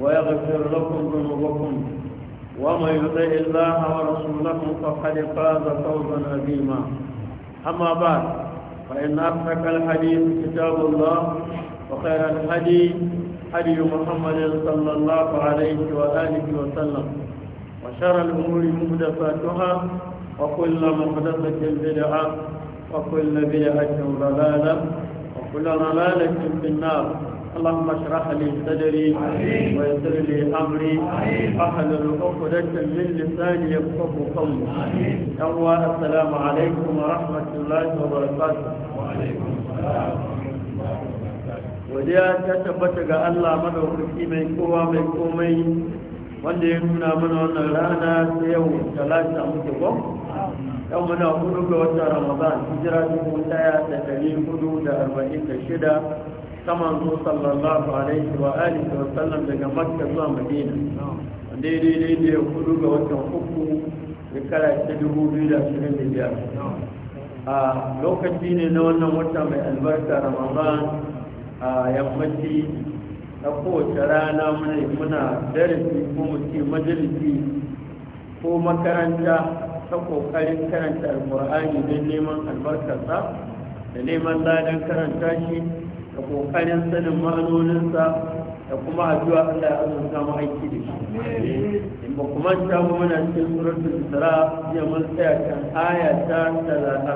ويغفر لكم ذنوبكم ومن يطع الله ورسوله فقد فاز فوزا عظيما اما بعد فان اصدق الحديث كتاب الله وخير الهدي هدي محمد صلى الله عليه واله وسلم وشر الامور محدثاتها وكل محدثه بدعه وكل بدعه ضلاله وكل ضلاله في النار اللهم اشرح لي صدري ويسر لي امري احلل عقدة من لساني يفقه قولي يوا السلام عليكم ورحمة الله وبركاته وعليكم السلام Wadiya ta tabbata ga Allah madaukaki mai kowa mai komai wanda ya nuna mana wannan rana ta yau talata muke ba. yau muna hudu ga wata ramadan hijira dubu daya da dari hudu da arba'in da shida saman manzo sallallahu alaihi wa alihi wa sallam daga makka zuwa madina daidai daidai hudu ga watan uku shekara ta dubu biyu da ashirin da biyar a lokaci ne na wannan wata mai albarka ramadan a yammaci na kowace rana muna darasi ko mu majalisi ko makaranta ta kokarin karanta alkur'ani don neman albarkarsa da neman ladan karanta shi da kokarin sanin ma'anoninsa da kuma addu'a Allah ya azurta mu aiki da shi in ba kuma ta mu muna cikin suratul isra ya mun tsaya kan aya ta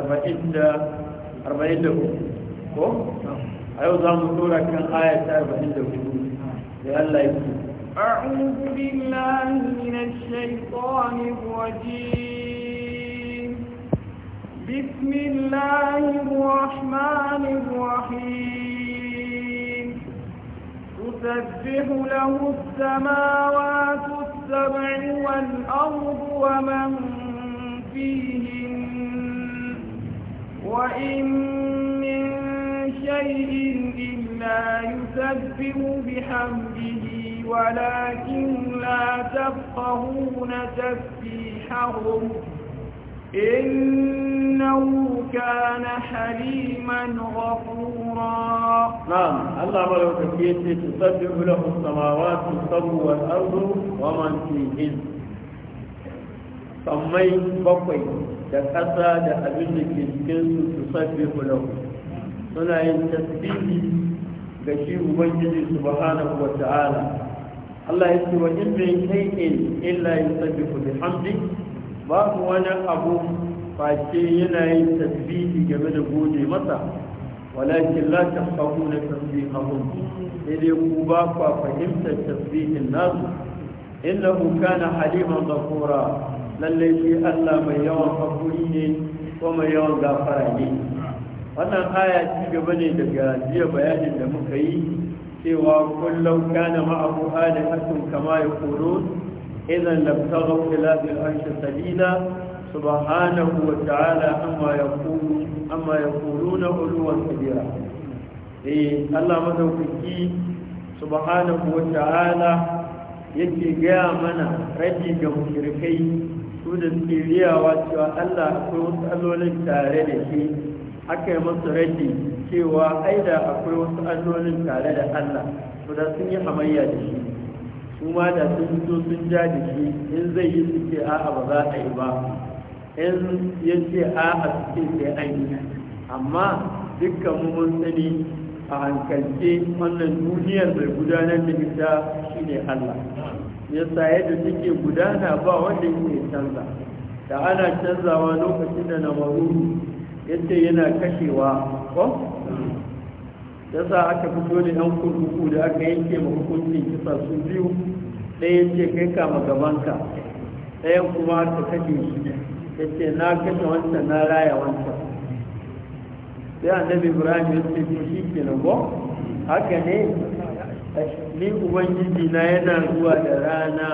40 da 44 ko a yau za mu dora kan aya ta 44 da Ya Allah ya ce أعوذ بالله من الشيطان الرجيم بسم الله الرحمن الرحيم تسبح له السماوات السبع والأرض ومن فيهن وإن من شيء إلا يسبح بحمده ولكن لا تفقهون تسبيحهم إنه كان حليما غفورا نعم الله ملوك كيتي تسبح له السماوات السبع والأرض ومن فيهن sammai bakwai da ƙasa da abin da ke cikinsu su sabbi hulahu suna yin tasbihi ga shi ubangiji subhanahu wa ta'ala Allah ya ce wa in min shay'in illa yusabbihu bihamdihi babu wani abu face yana yin tasbihi game da gode masa walakin la na tasbihahum sai ku ba ku fahimtar tasbihin nasu innahu kana haliman ghafura lallai shi Allah mai yawan hakuri ne ko mai yawan gafara ne wannan aya ci gaba ne daga jiya bayanin da muka yi cewa kullum kana ma'abu da kama ya koro idan labtaghaw ila bil arshi sabila subhanahu wa ta'ala amma yaqulu amma yaquluna uluwan kabira eh Allah madaukaki subhanahu wa ta'ala yake gaya mana rabi ga mushrikai su da suke riyawa cewa Allah akwai wasu allolin tare da shi aka yi masu rabi cewa aida akwai wasu allolin tare da Allah to da sun yi hamayya da shi su ma da sun fito sun ja jiki in zai yi su ce a'a ba za a yi ba in ya ce a'a su ce sai an yi amma dukkan mu mun sani a hankalce wannan duniyar mai gudanar da ita shine Allah yasa yadda suke gudana ba wanda yake canza da ana canzawa lokacin da na maru yadda yana kashewa ko ya sa aka fito da yan kurkuku da aka yanke ma hukuncin kisa su biyu ɗaya ce kai kama gabanka ɗayan kuma ta kashe shi ya ce na kashe wancan na raya wancan sai annabi ibrahim ya ce shi ke nan ko haka ne ni ubangiji na yana zuwa da rana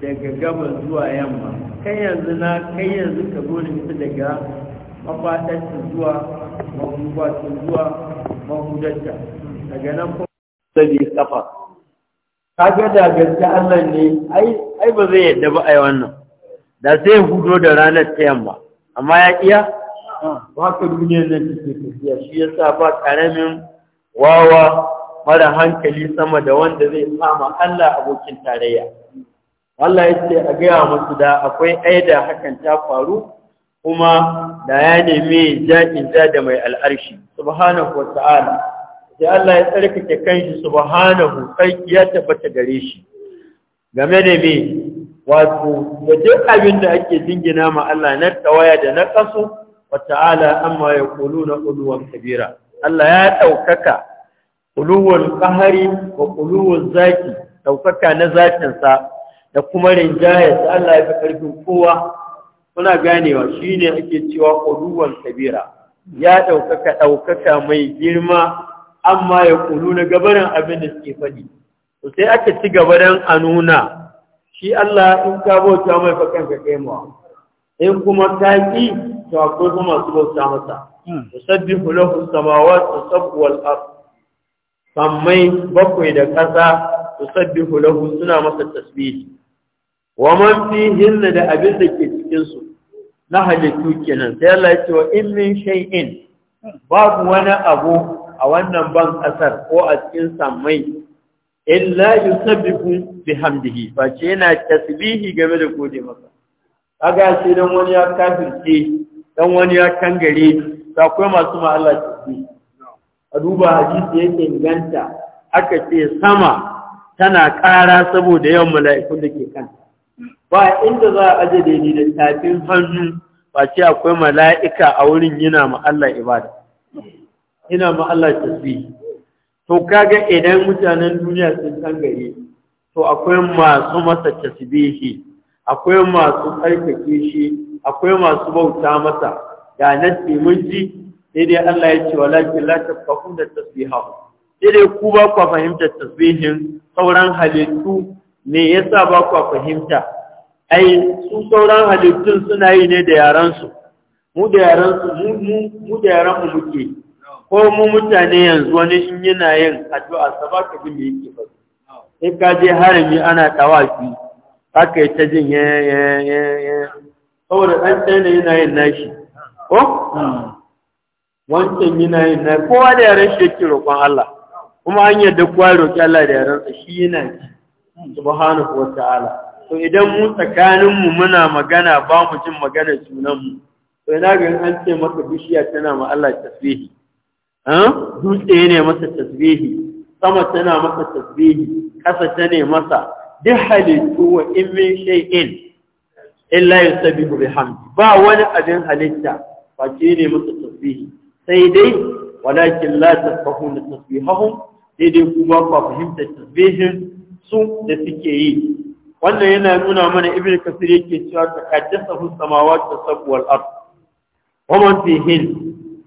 daga gabas zuwa yamma kai yanzu na kai yanzu ka zo da daga mafaɗarsa zuwa mahubatun zuwa daga nan kuma da da gaske Allah ne ai ba zai yadda ba a wannan da sai ya hudo da ranar ta yamma amma ya iya ba ka duniyar nan take tafiya shi yasa ba karamin wawa mara hankali sama da wanda zai sama Allah abokin tarayya Allah ya ce a gaya musu da akwai aida hakan ta faru kuma da ya nemi jaƙin ja da mai al'arshi subhanahu wa ta'ala sai Allah ya tsarkake kanshi subhanahu tsarki ya tabbata gare shi game da me wato da duk abin da ake jingina ma Allah na tawaya da na ƙasu wa ta'ala amma ya na ƙuluwan kabira Allah ya ɗaukaka ƙuluwan ƙahari wa ƙuluwan zaki ɗaukaka na zatinsa da kuma sai Allah ya fi ƙarfin kowa kuna ganewa shi ne ake cewa ƙuluwan kabira ya ɗaukaka ɗaukaka mai girma amma ya kulu na gabarin abin da suke faɗi to sai aka ci gaba don a nuna shi Allah in ka bauta mai kanka kai mawa in kuma ka ƙi? to akwai kuma masu bauta masa musabbihu hmm. sabbin samawati sab'u wal ard sammai bakwai da ƙasa sabbin hulahu suna masa tasbihi wa man hinna da abin da ke cikin na halittu kenan sai Allah ya ce wa in min shay'in babu wani abu a wannan ban kasar ko a cikin samai illa yusabbihu bihamdihi fa ce yana tasbihi game da gode maka kaga sai dan wani ya kafirce dan wani ya kangare da akwai masu ma Allah tasbihi a duba hadisi yake inganta aka ce sama tana ƙara saboda yawan mala'ikun da ke kanta ba inda za a aje ni da tafin hannu ba ce akwai mala'ika a wurin yana ma Allah ibada yana ma Allah to kaga idan mutanen duniya sun san gare to akwai masu masa tasbihi akwai masu tsarkake shi akwai masu bauta masa ga na mun ji sai dai Allah ya ce walakin la tafahuna da sai dai ku ba ku fahimtar tasbihin sauran halittu me yasa ba ku fahimta ai su sauran halittun suna yi ne da yaransu mu da yaransu mu da yaran mu muke ko mu mutane yanzu wani in yana yin addu'a sa ba ka ji me yake ba sai ka je harami ana tawafi haka ta jin ya ya ya ya saboda dan tsene yana yin nashi ko wancan yana yin nashi kowa da yaran shi yake roƙon Allah kuma an yadda kowa roƙi Allah da yaran sa shi yana ji subhanahu wa ta'ala to idan mu tsakanin mu muna magana ba mu jin magana sunan mu to ina ga an ce maka bishiya tana ma Allah tasbihi dutse ne masa tasbihi sama tana masa tasbihi kasa tana ne masa duk halittu wa in min shay'in illa yusabbihu bihamdi ba wani abin halitta ce ne masa tasbihi sai dai walakin la tasbahuna tasbihahum sai dai kuma ba fahimta fahimtar tasbihin su da suke yi wannan yana nuna mana ibnu kasir yake cewa taqaddasa hus samawati wa sabwal ard wa man fihin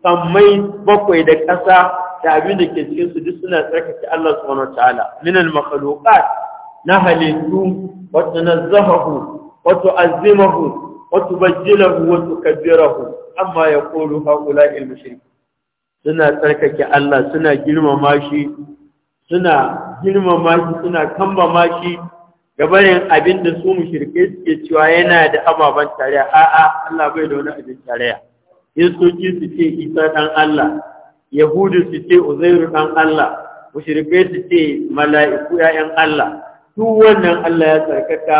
sammai bakwai da ƙasa da abin da ke cikin su duk suna tsarkake Allah subhanahu wataala min al makhluqat na halittu wa tanazzahu wa tu'azzimahu wa tubajjilahu wa tukabbirahu amma yaqulu haula al mushrik suna tsarkake Allah suna girmama shi suna girmama shi suna kambama shi gabanin abin da su mushrikai suke cewa yana da ababen tarayya a'a Allah bai da wani abin tarayya Kiristoci su ce Isa dan Allah Yahudu su ce Uzairu dan Allah mushrikai su ce mala'iku ya'yan Allah duk wannan Allah ya tsarkaka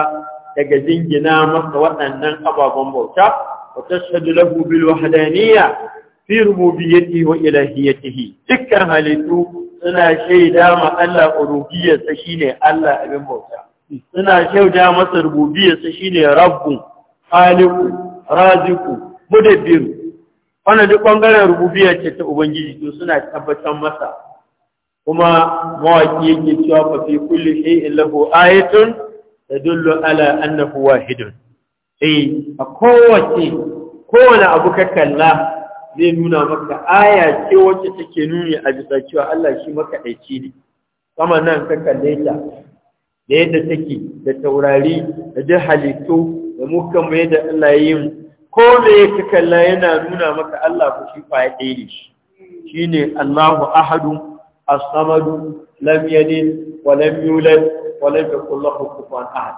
daga jingina masa waɗannan ababen bauta wa tashhadu lahu bil wahdaniyya fi rububiyyati wa ilahiyyatihi dukkan halittu suna shaida ma Allah shi shine Allah abin bauta suna shaida masa shi shine rabbu khaliqu raziku, mudabbir wannan duk ɓangaren rubiyar ce ta ubangiji to suna tabbatar masa kuma mawaki yake cewa fa fi kulli in lafo ayatun dullo ala annahu wahidun eh a kowace kowane abu ka kalla zai nuna maka aya ce wacce take nuni a bisa cewa Allah shi makaɗaici ne kama nan ka kalle ta da yadda take da taurari da duk halittu da muka mai yadda Allah yin ko me ya kalla yana nuna maka Allah ku shi fa ya daidai shi Shi ne Allahu ahadu as-samadu lam yalid wa lam yulad wa lam yakul lahu kufuwan ahad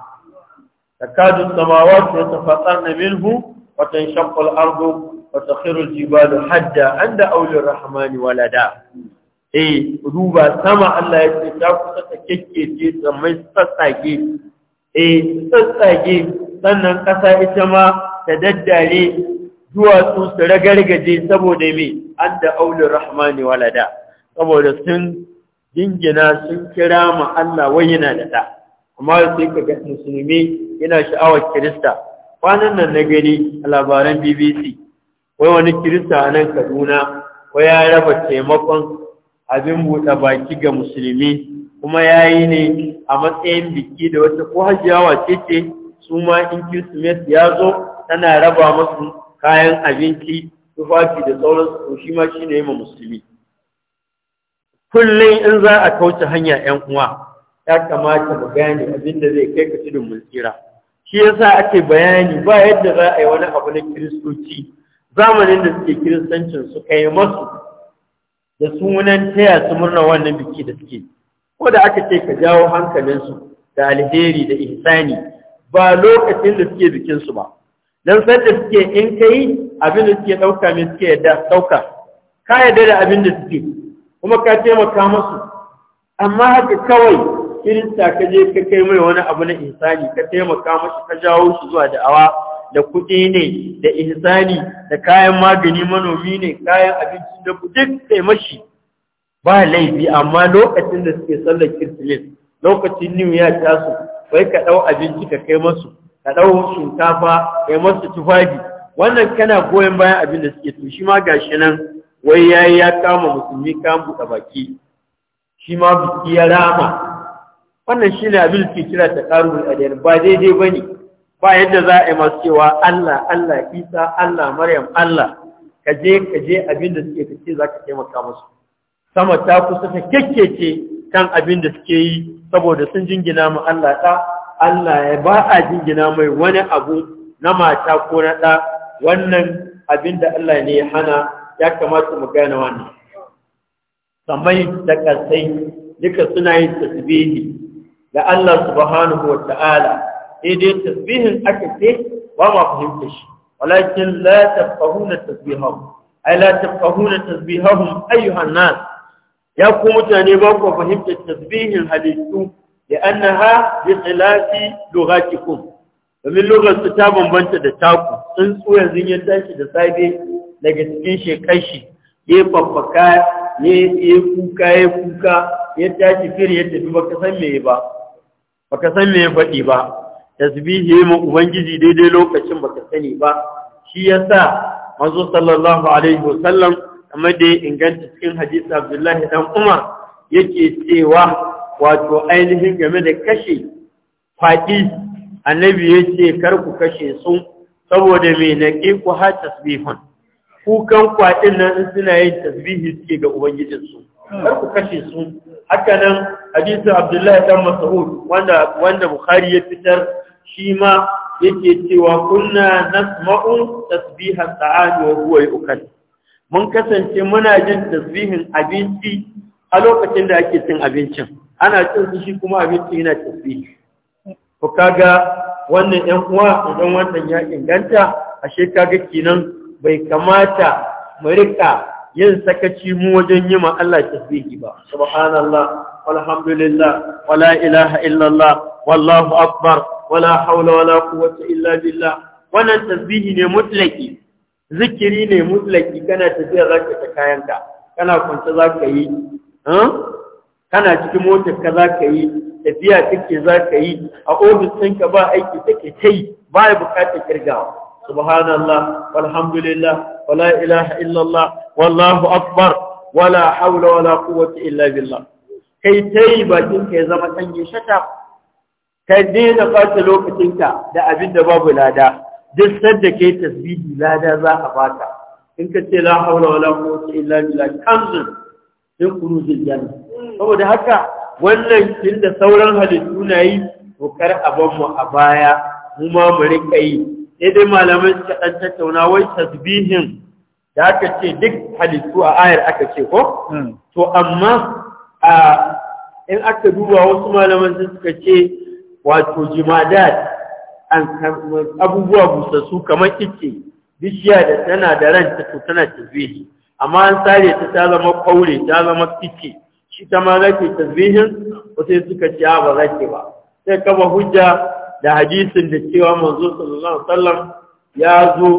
takadu as-samawati yatafattarna minhu wa tanshaqqu al-ardu وتخر الجبال حدا عند أول الرحمن ولدا eh ruba sama Allah ya ce ta kusa ta kekkece tsammai sassage eh sassage sannan ƙasa ita ma ta daddare duwatsu su ragargaje saboda mai an da aulin rahmani walada saboda sun dingina sun kira ma Allah wai yana da ɗa amma sai kaga musulmi yana sha'awar kirista kwanan nan na gani a labaran bbc wai wani kirista a nan kaduna ko ya raba taimakon abin buɗe baki ga musulmi kuma ya yi ne a matsayin biki da wata ko hajjawa ce ce su ma in kirsimeti ya zo tana raba masu kayan abinci tufafi da su shi ma shi ne ma musulmi kullum in za a kauce hanya 'yan uwa ya kamata mu gane abin da zai kai ka tudun mulkira shi yasa ake bayani ba yadda za a yi wani abu na kiristoci zamanin da suke kiristancin su kai masu da sunan taya su murna wannan biki da suke ko da aka ce ka jawo hankalinsu da alheri da ihsani ba lokacin da suke bikin su ba dan sanda suke in kai abin da suke dauka mai suke yadda dauka ka yadda da abin da suke kuma ka taimaka musu amma haka kawai kirista ka je ka kai mai wani abu na ihsani ka taimaka masu ka jawo shi zuwa da'awa da kuɗi ne da ihsani da kayan magani manomi ne kayan abinci da duk sai mashi ba laifi amma lokacin da suke sallar kirsimet lokacin new ta su wai ka ɗau abinci ka kai masu ka ɗau shinkafa kai masu tufafi wannan kana goyon bayan abin da suke to shi ma gashi nan wai yayi ya kama musulmi kan buɗa baki shi ma biki ya rama wannan shi ne abin da ke kira ta ƙaru ba daidai ba ne ba yadda za a yi masu cewa Allah Allah Isa Allah Maryam Allah ka je ka je abin da suke ce, za ka taimaka musu sama ta kusa ta kekkece kan abin da suke yi saboda sun jingina mu Allah ɗa Allah ya ba a jingina mai wani abu na mata ko na ɗa wannan abin da Allah ne ya hana ya kamata mu gane wannan samai da ƙasai duka suna yin tasbihi ga Allah subhanahu wa ta'ala Daidai dai tasbihin aka ce ba ma fahimta shi walakin la tafahuna tasbihahum ai la tafahuna tasbihahum ayyuhan nas ya ku mutane ba ku fahimta tasbihin halittu da annaha bi khilafi lughatikum domin lugar su ta bambanta da taku tsuntsu yanzu ya tashi da safe daga cikin shekar shi ya fafaka, ya kuka ya kuka ya tashi fir ya tafi baka san me ba baka san me ya faɗi ba tasbihi ma ubangiji daidai lokacin baka sani ba shi yasa manzo sallallahu alaihi wasallam amma da inganta cikin hadisi Abdullahi dan Umar yake cewa wato ainihin game da kashe faɗi annabi ce, kar ku kashe su saboda me ke ku ha tasbihun kukan kwaɗin nan suna yin tasbihi suke ga ubangijinsu kar ku kashe su haka nan hadisin abdullahi dan mas'ud wanda wanda bukhari ya fitar shi ma yake cewa kunna nasma'u tasbiha sa'ani wa huwa yukal mun kasance muna jin tasbihin abinci a lokacin da ake cin abincin ana cin shi kuma abinci yana tasbihi ko kaga wannan ɗan uwa idan wannan ya inganta ashe kaga kenan bai kamata mu rika yin sakaci mu wajen yi ma Allah tasbihi ba subhanallah walhamdulillah wala ilaha illallah wallahu akbar wala haula wala quwwata illa billah wannan tasbihi ne mutlaki zikiri ne mutlaki kana tafiya zaka ta kayanka kana kwance zaka yi kana cikin motar ka zaka yi tafiya kake zaka yi a ofis ɗinka ba aiki take kai ba ya bukatar kirgawa subhanallah walhamdulillah wala ilaha illallah wallahu akbar wala haula wala quwwata illa billah kai tai bakin ka ya zama sanye shata ka daina ɓata lokacinka da abin da babu lada duk sanda ke tasbihi lada za a fata. in ka ce la haula wala quwwata illa billah kanzu sai kurujin janna saboda haka wannan kin da sauran halittu na yi to kar a ban mu a baya mu ma mu rika yi sai dai malamai suka dan tattauna wai tasbihin da aka ce duk halittu a ayar aka ce ko hmm. to amma a in aka duba wasu malaman sun suka ce wato jimadat an abubuwa busassu kamar kike bishiya da tana da ta to tana tasbihi amma an sare ta ta zama kaure ta zama kike shi ta ma zake tasbihin sai suka ce ba zake ba sai kaba hujja da hadisin da cewa manzo sallallahu alaihi wasallam ya zo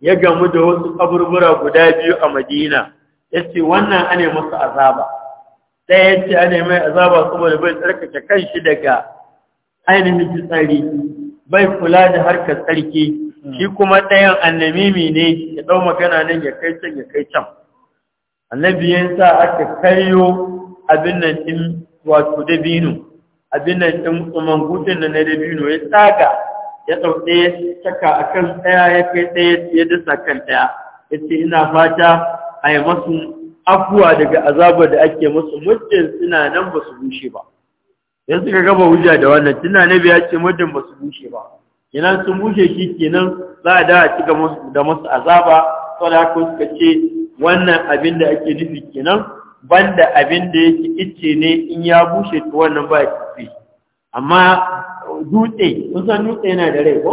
ya gamu da wasu kaburbura guda biyu a Madina yace wannan ane masa azaba sai yace ane mai azaba saboda bai tsarkake kanshi daga ainihin fitsari bai kula da harkar tsarki hmm. shi kuma ɗayan annamimi ne ya ɗau magana nan ya kai can ya kai can annabi ya sa aka karyo abin nan ɗin wato dabino abin nan ɗin umar gudun na dabino ya tsaga ya ɗau ɗaya caka a kan ɗaya ya kai ɗaya ya dasa kan ɗaya ya ce ina fata a yi masu afuwa daga azabar da ake masu muddin suna nan ba su bushe ba sai suka gaba hujja da wannan tunda nabi ya ce muddin ba su bushe ba kenan sun bushe shi kenan za a da a ci da musu azaba saboda haka suka ce wannan abin da ake nufi kenan banda abin da yake icce ne in ya bushe to wannan ba ya amma dutse kun san dutse yana da rai ko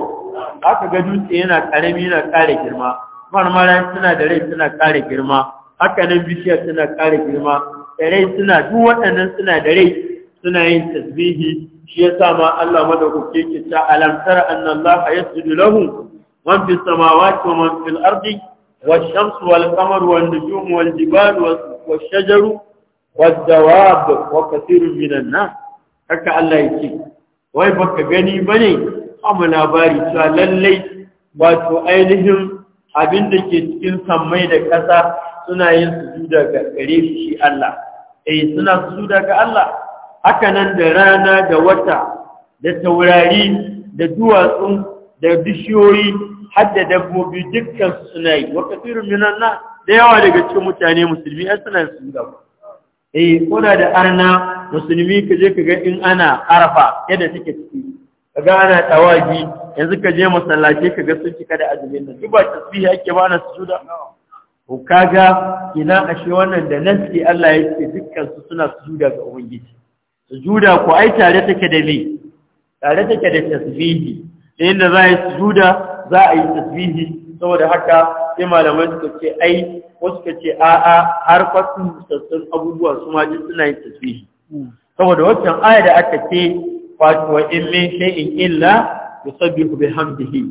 aka ga dutse yana karami yana kare girma marmara suna da rai suna kare girma haka nan bishiyar suna kare girma da rai suna duk waɗannan suna da rai suna yin tasbihi shi yasa ma Allah madaukake yake ta alam tara anna Allah yasjudu lahu man fi samawa wa man fil ardi wash-shamsu wal-qamaru wan-nujumu wal-jibalu wash-shajaru wad-dawab wa kathirun minan nas haka Allah yake wai baka gani bane amma labari cewa lallai wato ainihin abin da ke cikin sammai da ƙasa suna yin sujuda ga gare shi Allah eh suna sujuda ga Allah haka nan da rana da wata da taurari da duwatsu da bishiyoyi har dabbobi dukkan su suna yi wa kafirin minan da yawa daga cikin mutane musulmi ai suna su eh, da eh kuna da arna musulmi ka je ka ga in ana arafa yadda take ciki kaga ana tawagi yanzu ka je masallaci ka ga sun cika da azumin nan duk tasbihi ake ba na sujuda ko kaga ina ashe wannan da nasi Allah yake dukkan su suna sujuda ga ubangiji sujuda ko ai tare take da me tare take da tasbihi inda za yi sujuda za a yi tasbihi saboda haka sai malamai suka ce ai wasu suka ce a a har kwatsun sassan abubuwa su ma duk suna yin tasbihi saboda wancan aya da aka ce wato in min shay'in illa yusabbihu bihamdihi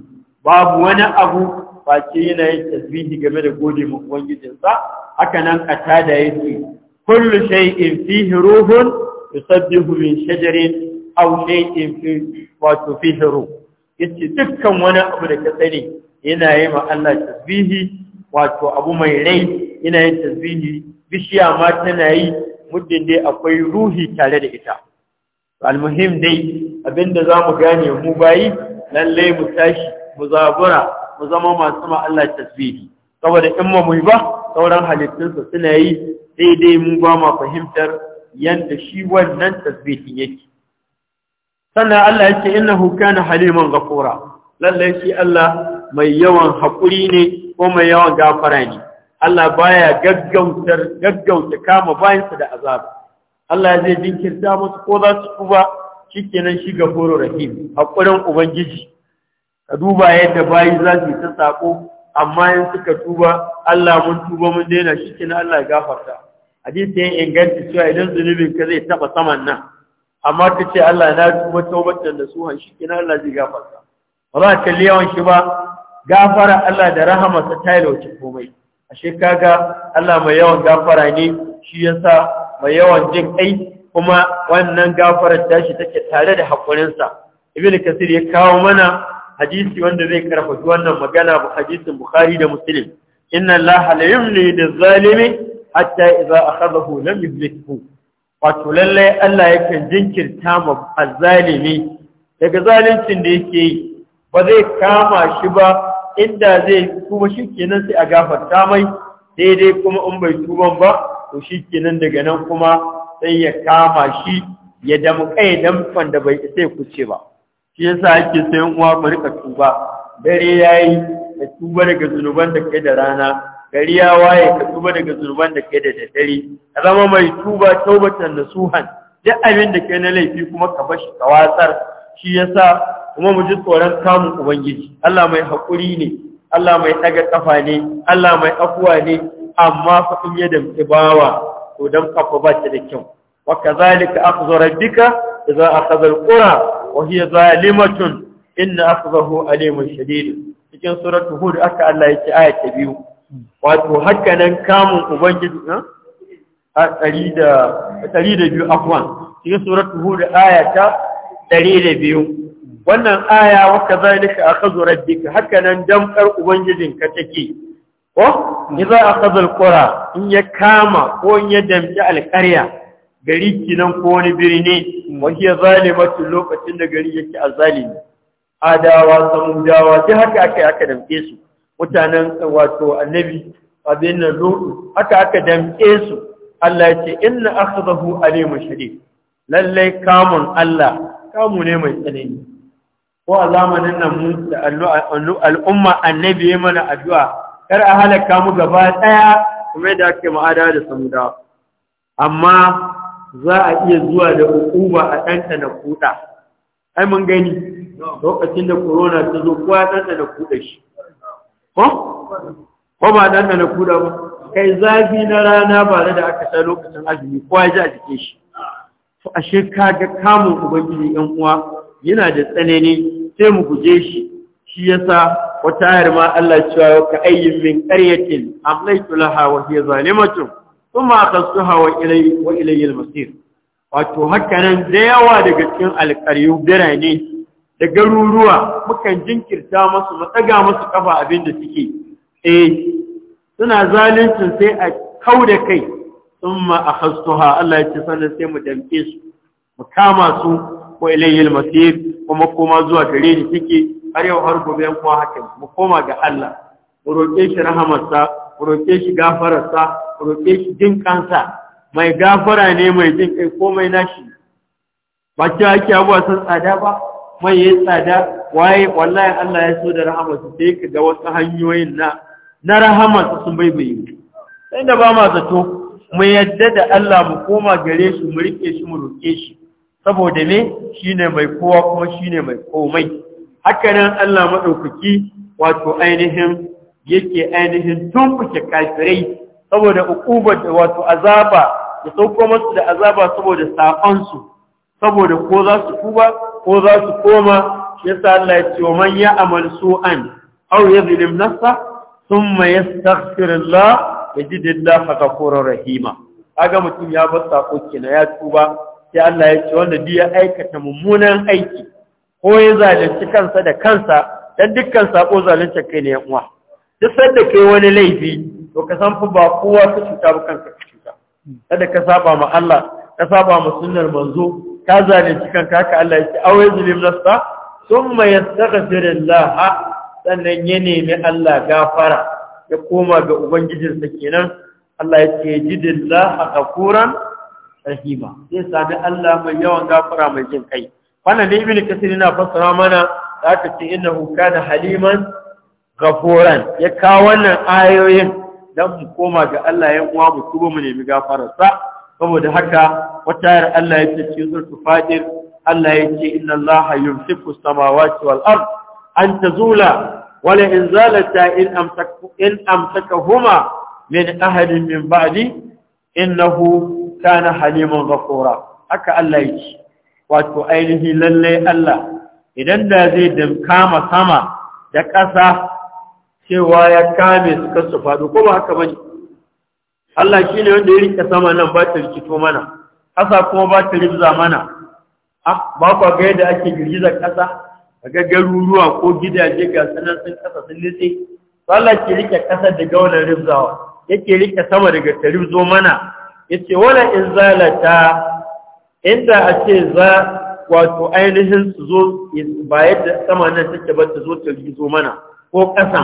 babu wani abu face yana yin tasbihi game da gode ma ubangijinsa haka nan katada yake kullu shay'in fihi ruhun yusabbihu min shajarin aw shay'in fi wato fi hiru yace dukkan wani abu da ka tsare yana yi ma Allah tasbihi wato abu mai rai yana yin tasbihi bishiya ma tana yi muddin dai akwai ruhi tare da ita almuhim dai abinda mu gane mu bayi lallai mu tashi mu zabura mu zama masu ma Allah tasbihi saboda in mu ba sauran halittunsa suna yi daidai mu ba ma fahimtar Yadda shi wannan tasbihin yake sannan Allah yake innahu kana haliman ghafura Lallai shi Allah mai yawan hakuri ne ko mai yawan gafara ne Allah baya gaggautar gaggauta kama bayansa da azaba Allah zai jinkirta musu ko za su kuba shikenan shi gafuru rahim hakurin ubangiji ka duba yadda bayi za su ta sako amma in suka tuba Allah mun tuba mun daina shikenan Allah ya gafarta hadisi ya inganta cewa idan zunubin ka zai taba saman nan amma ka ce Allah na tuba taubatar da su shi kina Allah zai gafarta ba za ka yawan shi ba gafara Allah da rahamarsa ta yi lauci komai ashe kaga Allah mai yawan gafara ne shi ya sa mai yawan jin kai kuma wannan gafarar tashi take tare da hakurinsa ibn kasir ya kawo mana hadisi wanda zai karfafa wannan magana bu hadisin bukhari da muslim inna allaha la yumli lidh zalimi hatta idza akhadahu lam yuflithu wato lalle Allah yakan jinkirta ma azzalimi daga zaluncin da yake ba zai kama shi ba inda zai kuma shikenan sai a gafarta mai daidai kuma in bai tuban ba to shi daga nan kuma sai ya kama shi ya damƙa ya damfan da bai sai kuce ba shi yasa yake sai uwa bari ka tuba dare yayi ka tuba daga zunuban da kai da rana gari ya waye ka tuba daga zurban da kai da daddare ka zama mai tuba taubatan nasuhan duk abin da ke na laifi kuma ka bashi ka watsar shi yasa kuma mu ji tsoron kamun ubangiji Allah mai hakuri ne Allah mai ɗaga kafa ne Allah mai afuwa ne amma fa in ya damke bawa to dan kafa ba ta da kyau wa kazalika akhdhu rabbika idza akhadha alqura wa hiya zalimatun inna akhdahu alimun shadid cikin suratul hud aka Allah yake aya ta biyu wato haka nan kamun ubangiji na a ɗari da biyu afuwan, cikin suratu hudu aya ta ɗari da biyu wannan aya waka zalika akhadhu rabbika haka nan damkar ubangijinka take ko ni za a kazo alqura in ya kama ko in ya damki alƙarya gari kinan ko wani birni wani ya mafi lokacin da gari yake a dawa adawa dawa duk haka aka yi aka damke su mutanen wato annabi abin nan lutu haka aka damke su Allah ya ce inna akhadahu alim shadid lalle kamun Allah kamu ne mai tsanani ko a zamanin nan mu da al'umma annabi ya mana addu'a kar a halaka mu gaba daya kuma da ake ma'ada da samuda amma za a iya zuwa da hukuma a ɗanta na kuɗa ai mun gani lokacin da corona ta zo kowa ɗanta na kuɗa shi ko ko ba dan na kuda ba kai zafi na rana ba da aka sha lokacin azumi ko ya ji a jikin shi to ashe ga kamun ubangiji yan uwa yana da tsanani sai mu guje shi shi yasa wata 'yar ma Allah cewa ka ayyin min qaryatin amlaytu laha wa hiya zalimatun kuma akhasuha wa ilayhi wa ilayhi al-masir wato haka da yawa daga cikin alƙaryu birane da garuruwa mukan jinkirta masu matsaga masu kafa abin da suke eh suna zaluncin sai a kau da kai thumma akhastuha Allah ya ce sannan sai mu damke su mu kama su ko ilayil masir kuma koma zuwa gare da suke har yau har gobe an kuma haka mu koma ga Allah mu roƙe shi rahamarsa mu roƙe shi gafararsa mu roƙe shi jin kansa mai gafara ne mai jin kai komai nashi ba ta ake abuwa sun tsada ba mai ya tsada waye wallahi Allah ya so da rahamarsa sai ka ga wasu hanyoyin na na rahamarsa sun baibaye sai da ba ma zato mu yadda da Allah mu koma gare shi mu rike shi mu roke shi saboda ne shine mai kowa kuma shine mai komai haka nan Allah madaukaki wato ainihin yake ainihin tumbuke kafirai saboda ukubar da wato azaba ya sauko masu da azaba saboda safansu saboda ko za su tuba ko za su koma shi yasa Allah ya ce man ya amal su'an aw yadhlim nafsa thumma yastaghfirullah yajidillah ghafurur rahima kaga mutum ya bar sako na ya tuba sai Allah ya ce wanda duk ya aikata mummunan aiki ko ya zalunci kansa da kansa dan dukkan sako zalunci kai ne yan uwa duk sanda kai wani laifi to ka san fa ba kowa ka cuta ba kanka ka cuta kada ka saba ma Allah ka saba ma sunnar manzo ka zalunci kanka haka Allah ya ce awai zulim nasta thumma yastaghfirullah sannan ya nemi Allah gafara ya koma ga ubangijinsa kenan Allah ya ce jidillah ghafuran rahima sai sami Allah mai yawan gafara mai jin kai wannan ne ibn kasir yana fassara mana zaka ce innahu kana haliman ghafuran ya kawo wannan ayoyin dan mu koma ga Allah yan uwa mu tuba mu nemi gafararsa saboda haka wata yar Allah ya ce cikin zurtu fadir Allah ya ce inna Allah yumsiku samawati wal ard an tazula wala in zalata in amsaku in amsakahuma min ahadin min ba'di innahu kana haliman ghafura haka Allah ya ce wato ainihi lalle Allah idan da zai kama sama da ƙasa cewa ya kame su faɗo ko ba haka bane Allah shi ne wanda ya rike sama nan ba ta rikito mana ƙasa kuma ba ta ribza mana ah, ba kwa ga yadda ake girgizar ƙasa a ga garuruwa ko gidaje ga sanar sun ƙasa sun nitse Allah ke rike ƙasa daga wannan ribzawa yake rike sama daga ta ribzo mana yace wala in zalata inda a ce za wato ainihin su zo ba yadda sama nan take ba ta zo ta ribzo mana ko ƙasa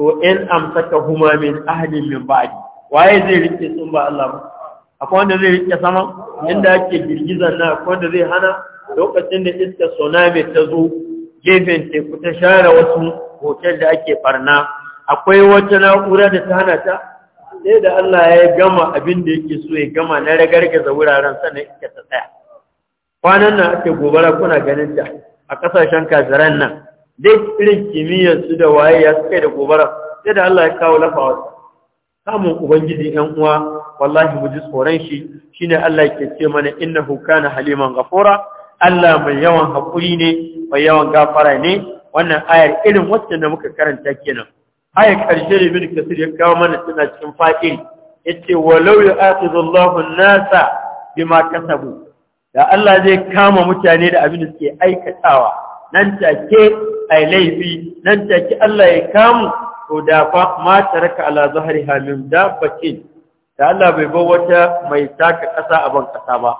to in amsaka huma min ahlin min ba'di waye zai rike sun ba Allah ba akwai wanda zai rike sama inda ake girgizar na akwai wanda zai hana lokacin da iska tsunami ta zo gefen teku ta share wasu hotel da ake barna akwai wata na'ura da ta hana ta sai da Allah ya gama abin da yake so ya gama na ragargaza wuraren sannan iska ta tsaya kwanan nan ake gobara kuna ganin ta a kasashen kazaran nan duk irin kimiyyar su da waye ya suka da gobara sai da Allah ya kawo lafawa samun ubangiji yan uwa wallahi mu ji tsoron shi shine Allah ke ce mana innahu kana haliman ghafura Allah mai yawan hakuri ne mai yawan gafara ne wannan ayar irin wacce da muka karanta kenan ayar karshe da bin kasir ya kawo mana tana cikin fa'il yace walau ya'khudullahu an-nasa bima kasabu da Allah zai kama mutane da abin da suke aikatawa nan take ai laifi nan take Allah ya kamu to da fa ma taraka ala zahriha min dabbatin da Allah bai bar wata mai taka kasa a ban ƙasa ba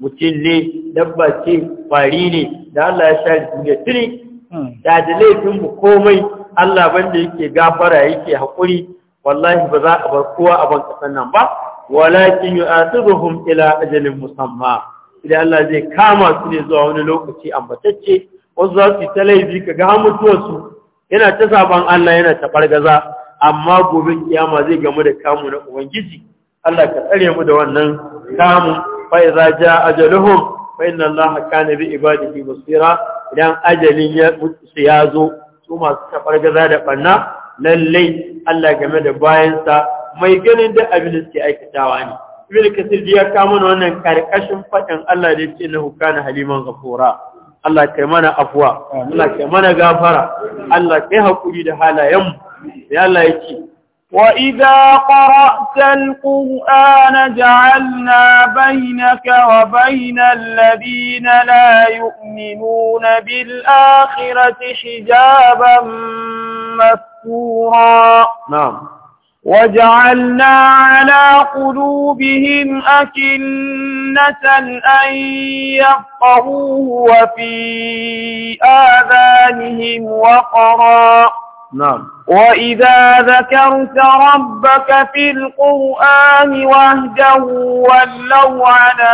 mutum ne dabba ce fari ne da Allah ya sha duniya tiri hmm. da da laifin mu komai Allah banda yake gafara yake hakuri wallahi ba za a bar kowa a ban kasan nan ba walakin yu'athiruhum ila ajalin musamma idan Allah zai kama su ne zuwa wani lokaci ambatacce wasu za su yi ta laifi ka ga su. yana ta saban Allah yana ta fargaza amma gobe kiyama zai gamu da kamu na ubangiji Allah ka tsare mu da wannan kamu fa iza jaa ajaluhum fa inna Allah kana bi ibadihi basira idan ajalin ya su ya zo su masu ta fargaza da banna lalle Allah game da bayansa mai ganin da abin da ke aikatawa ne ibn kasir ya kama wannan karkashin fadin Allah da yake na hukana haliman ghafura Allah kai mana afuwa Allah kai mana gafara Allah kai hakuri da halayen ya Allah yake wa idza qara'ta al-qur'ana ja'alna bainaka wa bainal ladina la yu'minuna bil akhirati hijaban mastura na'am وجعلنا على قلوبهم أكنة أن يفقهوه وفي آذانهم وقرا نعم وإذا ذكرت ربك في القرآن وهده ولوا على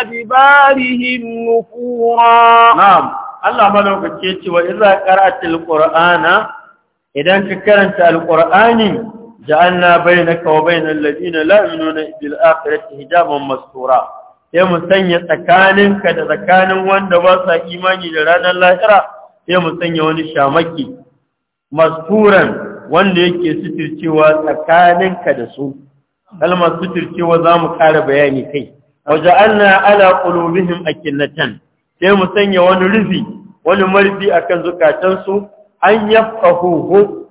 أدبارهم نفورا نعم الله ملوك الشيء وإذا قرأت القرآن idan ka karanta alqur'ani ja'alna bainaka wa bainal ladina la yu'minuna bil akhirati hijaban mastura sai mu sanya tsakaninka da tsakanin wanda ba sa imani da ranar lahira sai mu sanya wani shamaki masturan wanda yake suturcewa tsakaninka da su kalmar suturcewa za mu kara bayani kai ja'alna ala qulubihim akinnatan sai mu sanya wani rufi wani marfi akan zukatansu an huhu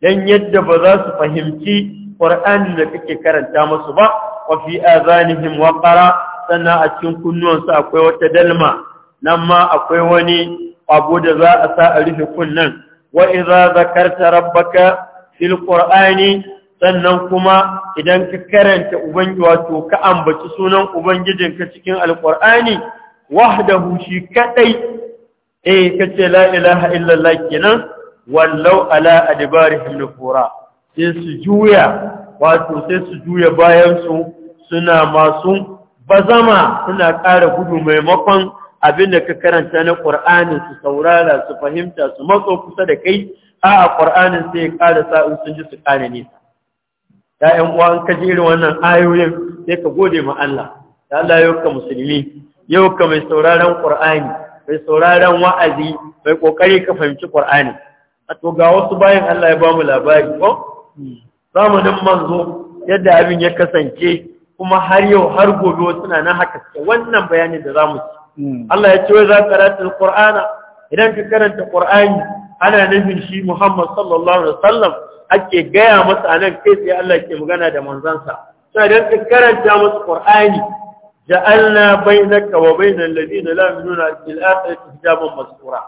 dan yadda ba za su fahimci Qur'ani da kake karanta musu ba wa fi azanihim qara sannan a cikin kunnuwansu akwai wata dalma nan ma akwai wani abu da za a sa a rufe kunnan wa idza zakarta rabbaka fil qur'ani sannan kuma idan ka karanta ubangi wato ka ambaci sunan ubangijinka cikin alqur'ani wahdahu shi kadai eh kace la ilaha illallah kenan wallau ala adbarihim nufura sai su juya wato sai su juya bayan su suna masu bazama suna ƙara gudu maimakon abin da ka karanta na Qur'ani su saurara su fahimta su matso kusa da kai a Qur'anin sai ya ƙara sa'in sun ji su ƙara nisa ‘ya'yan uwa ka ji irin wannan ayoyin sai ka gode ma Allah, Ya Allah yau ka musulmi, yau ka mai sauraron ƙur'ani, mai sauraron wa'azi mai ƙoƙari ka fahimci Qur'ani to ga wasu bayan Allah ya ba mu labari ko zamanin manzo yadda abin ya kasance kuma har yau har gobe suna nan haka wannan bayanin da zamu ci hmm. Allah ya ce wai za ka karanta Qur'ana idan ka karanta Qur'ani ana nufin shi Muhammad sallallahu alaihi wasallam ake gaya masa nan kai sai Allah ke magana da manzansa sai dan ka karanta masa Qur'ani ja'alna bainaka wa bainal ladina la yu'minuna bil akhirati hijaban mastura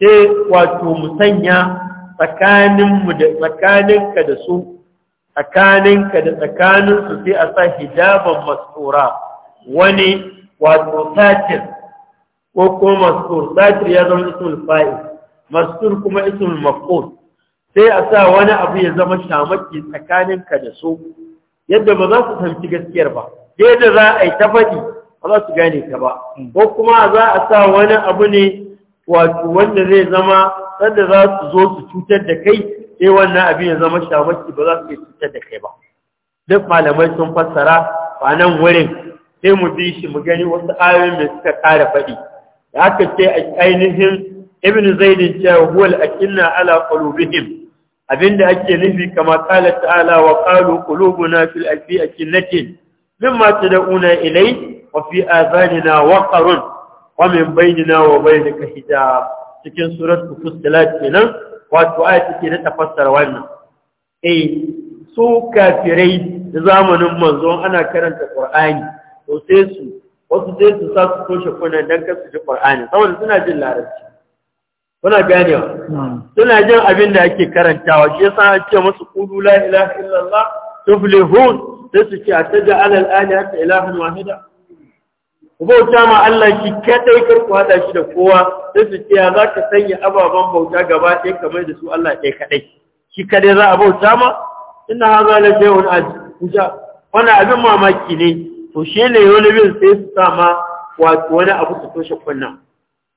sai wato musanya tsakaninmu da tsakaninka da su tsakaninka da tsakaninsu sai a sa hijaban mastura wani wato satir ko ko mastur satir ya zama ismul fa'il mastur kuma ismul maf'ul sai a sa wani abu ya zama shamaki tsakaninka da su yadda ba za su fahimci gaskiyar ba da za a yi ta faɗi ba za su gane ta ba mm. ko kuma za a sa wani abu ne wato wanda zai zama sanda za su zo su cutar da kai sai wannan abin ya zama shamaki ba za su iya cutar da kai ba duk malamai sun fassara ba nan wurin sai mu bi shi mu gani wasu ayoyin da suka ƙara faɗi da aka ce a ainihin ibn zaidin cewa huwal akinna ala qulubihim abinda ake nufi kama kala ta'ala wa qalu qulubuna fil alfi akinnatin مما تدعون إليه وفي آذاننا وقر ومن بيننا وبينك حجاب cikin سورة fussilat kenan wato aya take da tafassara wannan eh su kafirai da zamanin manzo ana karanta qur'ani wasu sai su sa su toshe don dan kasu ji ƙwar'ani saboda suna jin larabci kuna gane suna jin abin da ake karantawa shi yasa an ce masu kulu, la ilaha illallah tuflihun sai su ce a ta ja alal ali haka ilahun wahida ku bauta ma Allah shi kadai kar ku hada shi da kowa sai su ce ya za ka sanya ababen bauta gaba ɗaya kamar da su Allah ɗaya kaɗai. shi kadai za a bauta ma ina haza lafiya wani ajuja Wani abin mamaki ne to shi ne wani bin sai su sa ma wato wani abu su toshe kunna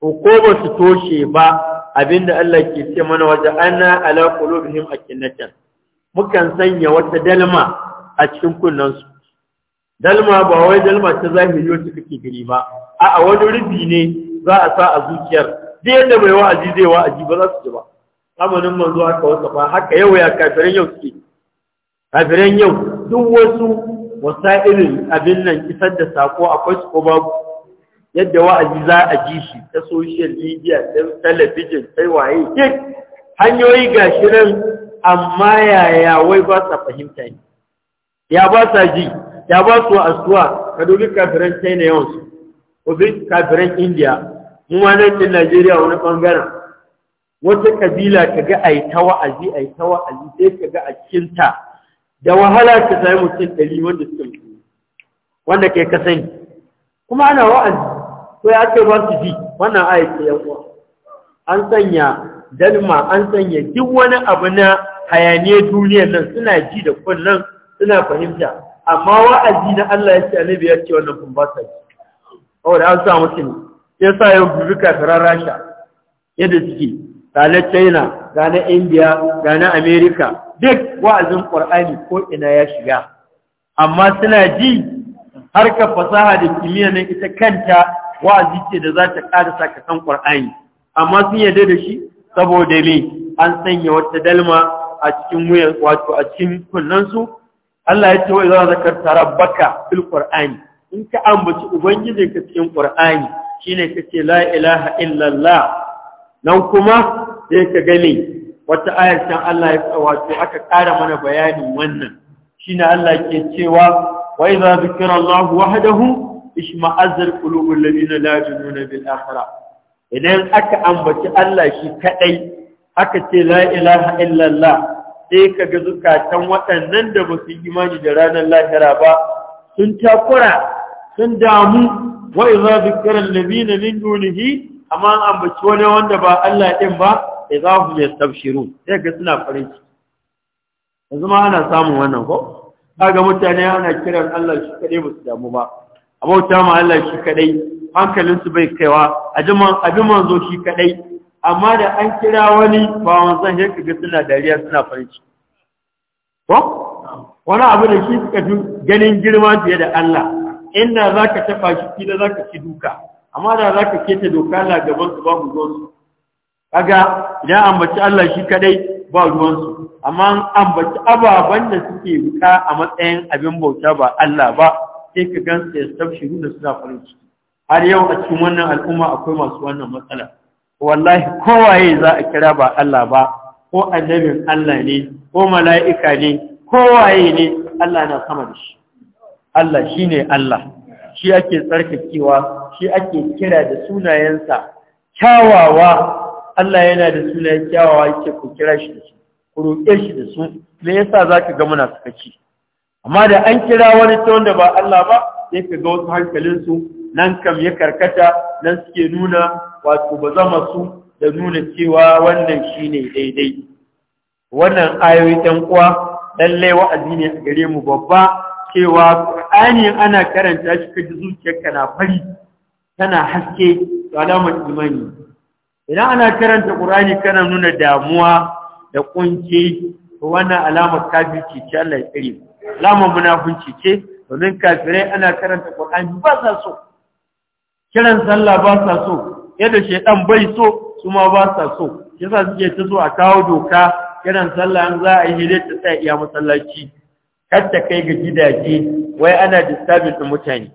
ko ko ba su toshe ba abinda Allah ke ce mana waje ana ala qulubihim akinnatan mukan sanya wata dalma a cikin kunnen-su. dalma ba wai dalma ta zahiri wacce kake gani ba a wani rubi ne za a sa a zuciyar duk yadda mai wa'azi zai wa'azi ba za su ji ba amanin manzo haka wasa ba haka yau ya kafiran yau suke kafiran yau duk wasu wasa'irin abin nan isar da sako akwai su ko babu yadda wa'azi za a ji shi ta social media ta talabijin sai waye hanyoyi gashi nan amma yaya wai ba fahimta ne ya ba sa ji ya ba su asuwa ka dubi kafiran china yawansu obin kafiran india mu ma nan din najeriya wani bangaren wata kabila ka ga a yi ta wa'azi a yi ta wa'azi sai ka ga a cinta da wahala ka sami mutum ɗari wanda suka mutu wanda kai ka sani kuma ana wa'azi ko ya ce ba su ji wannan a yi yan uwa an sanya dalma an sanya duk wani abu na hayaniyar duniyar nan suna ji da kullum suna fahimta amma wa'azi na Allah ya ce annabi ya ce wannan kun ba sa ji an sa musu ne ya sa yau bibi kafiran Rasha yadda suke ga na China ga na India ga na America duk wa'azin Qur'ani ko ina ya shiga amma suna ji harkar fasaha da kimiyya nan ita kanta wa'azi ce da za ta ƙara saka san Qur'ani amma sun yarda da shi saboda me an sanya wata dalma a cikin wato a cikin kunnansu Allah ya ce wai za zakarta rabbaka fil qur'ani in ka ambaci ubangijinka cikin qur'ani shine kace la ilaha illallah nan kuma sai ka gane wata ayar can Allah ya wato aka ƙara mana bayanin wannan shine Allah ke cewa wa idza zikra Allah wahdahu ishma'azzal qulubul ladina la yu'minuna bil akhirah idan aka ambaci Allah shi kadai aka ce la ilaha illallah sai ka ga zukatan waɗannan da basu su imani da ranar lahira ba sun takura sun damu wa iza zikira allazina min dunihi amma an ambaci wani wanda ba Allah din ba idza hum yastabshirun sai ga suna farin ciki yanzu ma ana samun wannan ko kaga mutane ana kiran Allah shi kadai ba su damu ba A abauta ma Allah shi kadai hankalinsu bai kaiwa a jiman abin manzo shi kadai amma da an kira wani ba wani zan ya ga suna dariya suna farin ko wani abu da shi suka fi ganin girma fiye da Allah inda za ka taɓa shi kila za ka ci duka amma da za ka keta doka Allah gaban su babu su. kaga idan ambaci Allah shi kadai ba ruwansu amma an ambaci ababen da suke wuka a matsayin abin bauta ba Allah ba sai ka gansu ya da suna farin ciki har yau a cikin wannan al'umma akwai masu wannan matsala wallahi kowaye za a kira ba Allah ba ko annabin Allah ne ko mala'ika ne kowaye ne Allah na sama da shi Allah shi ne Allah shi ake tsarkakewa shi ake kira da sunayensa kyawawa Allah yana da sunayen kyawawa yake ku kira shi da su ku roƙe shi da su me yasa ka ga muna ci? amma da an kira wani ta wanda ba Allah ba sai ka ga wasu hankalinsu nan kam ya karkata nan suke nuna wato ba zama su da nuna cewa wannan shine daidai wannan ayoyi dan uwa lallai wa'azi ne a gare mu babba cewa Qur'ani ana karanta shi kaji zuciyarka na fari tana haske da alamar imani idan ana karanta ƙur'ani kana nuna damuwa da kunci wannan alamar kafirci ce Allah ya tsare alamar munafunci ce domin kafirai ana karanta ƙur'ani ba sa so kiran sallah ba sa so yadda shaiɗan bai so su ma ba sa so yasa suke ta so a kawo doka kiran sallah an za a yi hidai ta sa iya masallaci kar ta kai ga gidaje wai ana disturbing mutane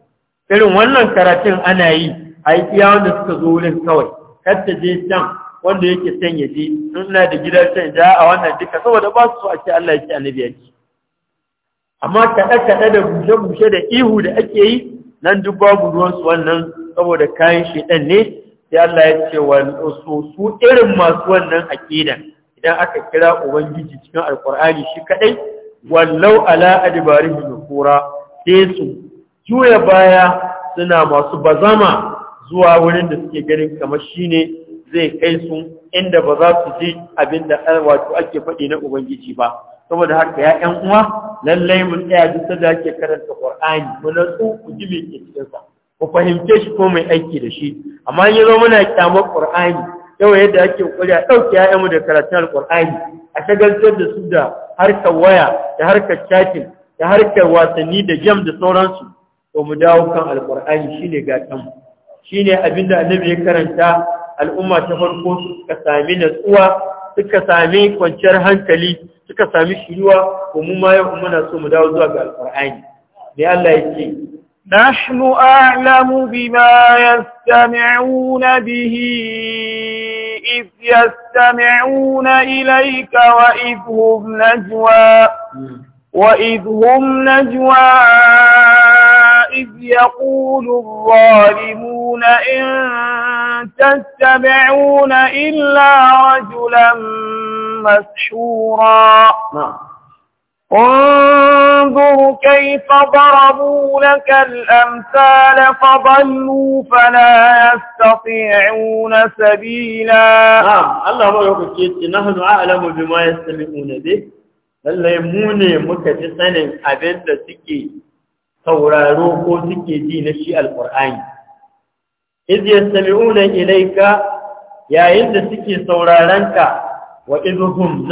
irin wannan karatun ana yi a yi iya wanda suka zo wurin kawai kar ta je can wanda yake san ya je ina da gidan can ja a wannan duka saboda ba su so a ce Allah ya ce annabi ya amma kaɗe-kaɗe da bushe-bushe da ihu da ake yi nan duk babu ruwansu wannan saboda kayan shedan ne sai Allah ya ce wa su irin masu wannan aqida idan aka kira ubangiji cikin alqur'ani shi kadai wallau ala adbarihim kura sai su juya baya suna masu bazama zuwa wurin da suke ganin kamar shine zai kai su inda ba za su ji abinda wato ake faɗi na ubangiji ba saboda haka ya ƴan uwa lallai mun tsaya duk da ake karanta qur'ani mun nutsu ku ji me ke cikin sa Ku fahimce shi ko mai aiki da shi amma yin yazo muna kyamar ƙur'ani. yau yadda ake kokari a ɗauki ƴaƴanmu da karatun al ƙurani a shagaltar da su da harkar waya da harkar chatting da harkar wasanni da jam da sauransu to mu dawo kan Al-Qur'ani shine ne abin da Annabi ya karanta al'umma ta farko suka sami natsuwa suka sami kwanciyar hankali suka sami shiruwa ko mu ma yau muna so mu dawo zuwa ga al ƙurani me Allah yake نحن أعلم بما يستمعون به إذ يستمعون إليك وإذ هم نجوى وإذ هم نجوى إذ يقول الظالمون إن تتبعون إلا رجلا مسحورا نعم. انظر كيف ضربوا لك الأمثال فضلوا فلا يستطيعون سبيلا نعم الله ما يقول نحن أعلم بما يستمعون به lallai mu ne muka ji sanin abinda da suke sauraro ko suke ji na shi alƙur'ani iz yastami'una ilayka yayin da suke sauraron wa idhum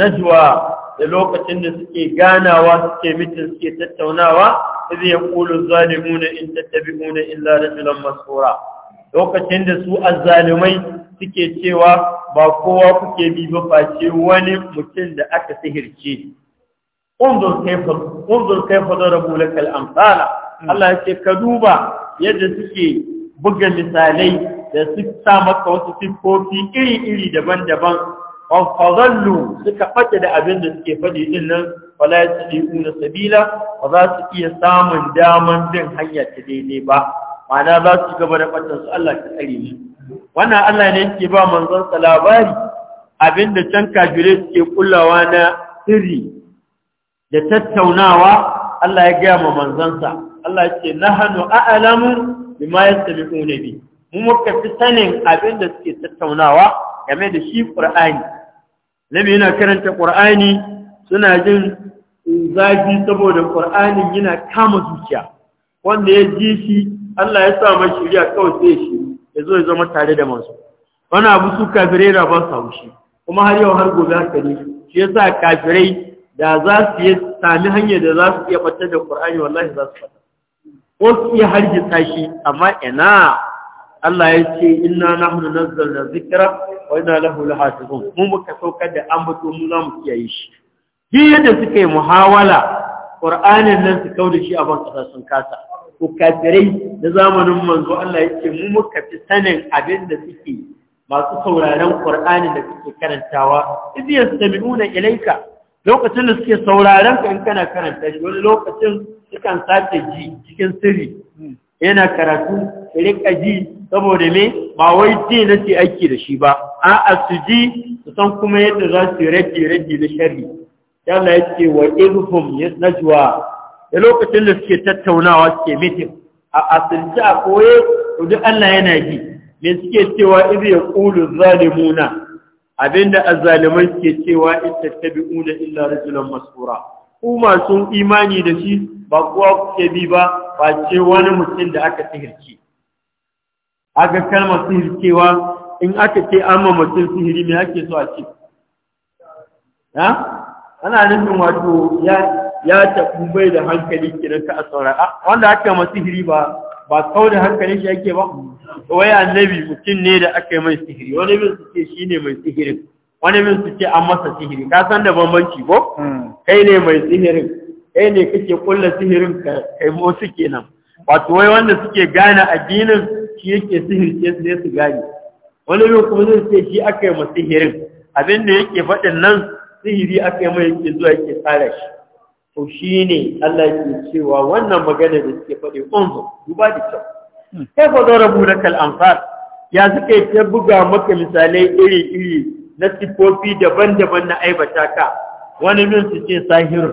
da lokacin da suke ganawa suke mitin suke tattaunawa idh yaqulu zalimuna in tattabi'una illa rajulan masura lokacin da su azzalimai suke cewa ba kowa kuke bi ba face wani mutum da aka sihirce unzur kayfa unzur kayfa darabu al amsala Allah yake ka duba yadda suke buga misalai da su sa maka wasu siffofi iri-iri daban-daban fazallu suka fake da abin da suke faɗi din nan wala una sabila ba za su iya samun daman bin hanya ta daidai ba ma'ana za su gaba da fatan su Allah ta tsare ni wannan Allah ne yake ba manzon sa labari abin da can kafirai suke kullawa na sirri da tattaunawa Allah ya gaya ma manzansa Allah ya ce nahanu a'lamu bima yastabiquna bi mu muka fi sanin abin da suke tattaunawa game da shi Qur'ani nabi yana karanta ƙur'ani suna jin zafi saboda qur'anin yana kama zuciya wanda ya ji shi Allah ya sa mai shiriya kawai sai shi ya zo ya zama tare da masu wani abu su kafirai da ba su haushi kuma har yau har gobe haka ne shi sa kafirai da za su yi sami hanyar da za su iya fatar da qur'ani wallahi za su fata ko su iya hargitsa shi amma ina Allah ya ce inna nahnu nazzalna dhikra wa inna lahu lahafizun Mun muka saukar da ambato mu za kiyaye shi duk yadda suka yi muhawala Qur'anin nan su kauda shi a ban kasa sun kasa ko kafirai zamanin manzo Allah ya ce mu muka fi sanin abin da suke masu sauraron Qur'anin da suke karantawa idh yastami'una ilayka lokacin da suke sauraron ka in kana karanta shi wani lokacin sukan sace ji cikin sirri yana karatu rika ji saboda me ba wai ji na ce aiki da shi ba a'a su ji su san kuma yadda za su rage rage da sharri Allah ya ce wa izhum yasnajwa da lokacin da suke tattaunawa suke mitin a asirce a koye duk Allah yana ji me suke cewa idh yaqulu zalimuna abinda azzalimai suke cewa ittabi'una illa rajulan masura ku masu imani da shi ba kuwa kuke bi ba ba ce wani mutum da aka sihirce aka kalmar sihirkewa in aka ce an ma mutum sihiri mai ake so a ce ana nufin wato ya taɓu bai da hankali kiran ka a saurara ah, wanda aka ma sihiri ba ba kawo da hankali shi ake ba wai annabi mutum ne da aka yi mai sihiri wani bin su ce shi ne mai sihirin wani min su ce an masa sihiri ka san da bambanci ko hmm. kai ne mai sihirin kai ne kake kulla sihirin ka kai mu suke nan wato wai wanda suke gane addinin shi yake sihirce su ne su gane wani min kuma zai ce shi aka yi masa sihirin abin da yake faɗin nan sihiri aka yi mai yake zuwa yake tsara shi to shi ne Allah ke cewa wannan magana da suke faɗi unzu duba da kyau hmm. kai fa zo rabu da kal'amfar ya suka yi ta buga maka misalai iri-iri na sifofi daban-daban na aibata ka wani bin su ce sahirun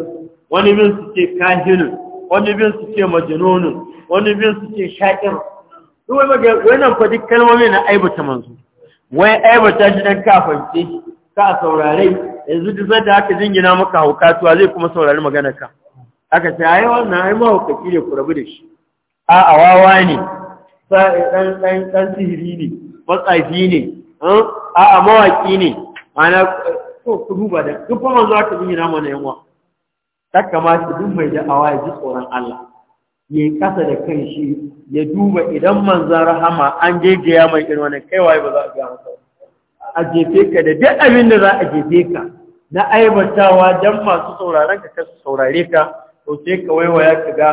wani bin su ce kahinun wani bin su ce majnunun wani bin su ce sha'ir duk wai maga wannan fa kalmomi na aibata manzu, wai aibata shi dan ka fance ka saurare yanzu duk da aka jingina maka haukatuwa zai kuma saurari magana ka aka ce ai wannan ai mahaukaci ne ku rabu da shi a awawa ne sa’i ɗan sihiri ne matsafi ne eh? a'a mawaki ne ana ko ku duba da duk kuma za ka yi namu na yanwa ta kamata duk mai da'awa ya ji tsoron Allah ya yi kasa da kan shi ya duba idan manzan rahama an ya mai irin wani kaiwaye ba za a gaya a jefe ka da duk abin da za a jefe ka na aibatawa don masu sauraron ka kasu saurare ka to sai ka waiwaya ka ga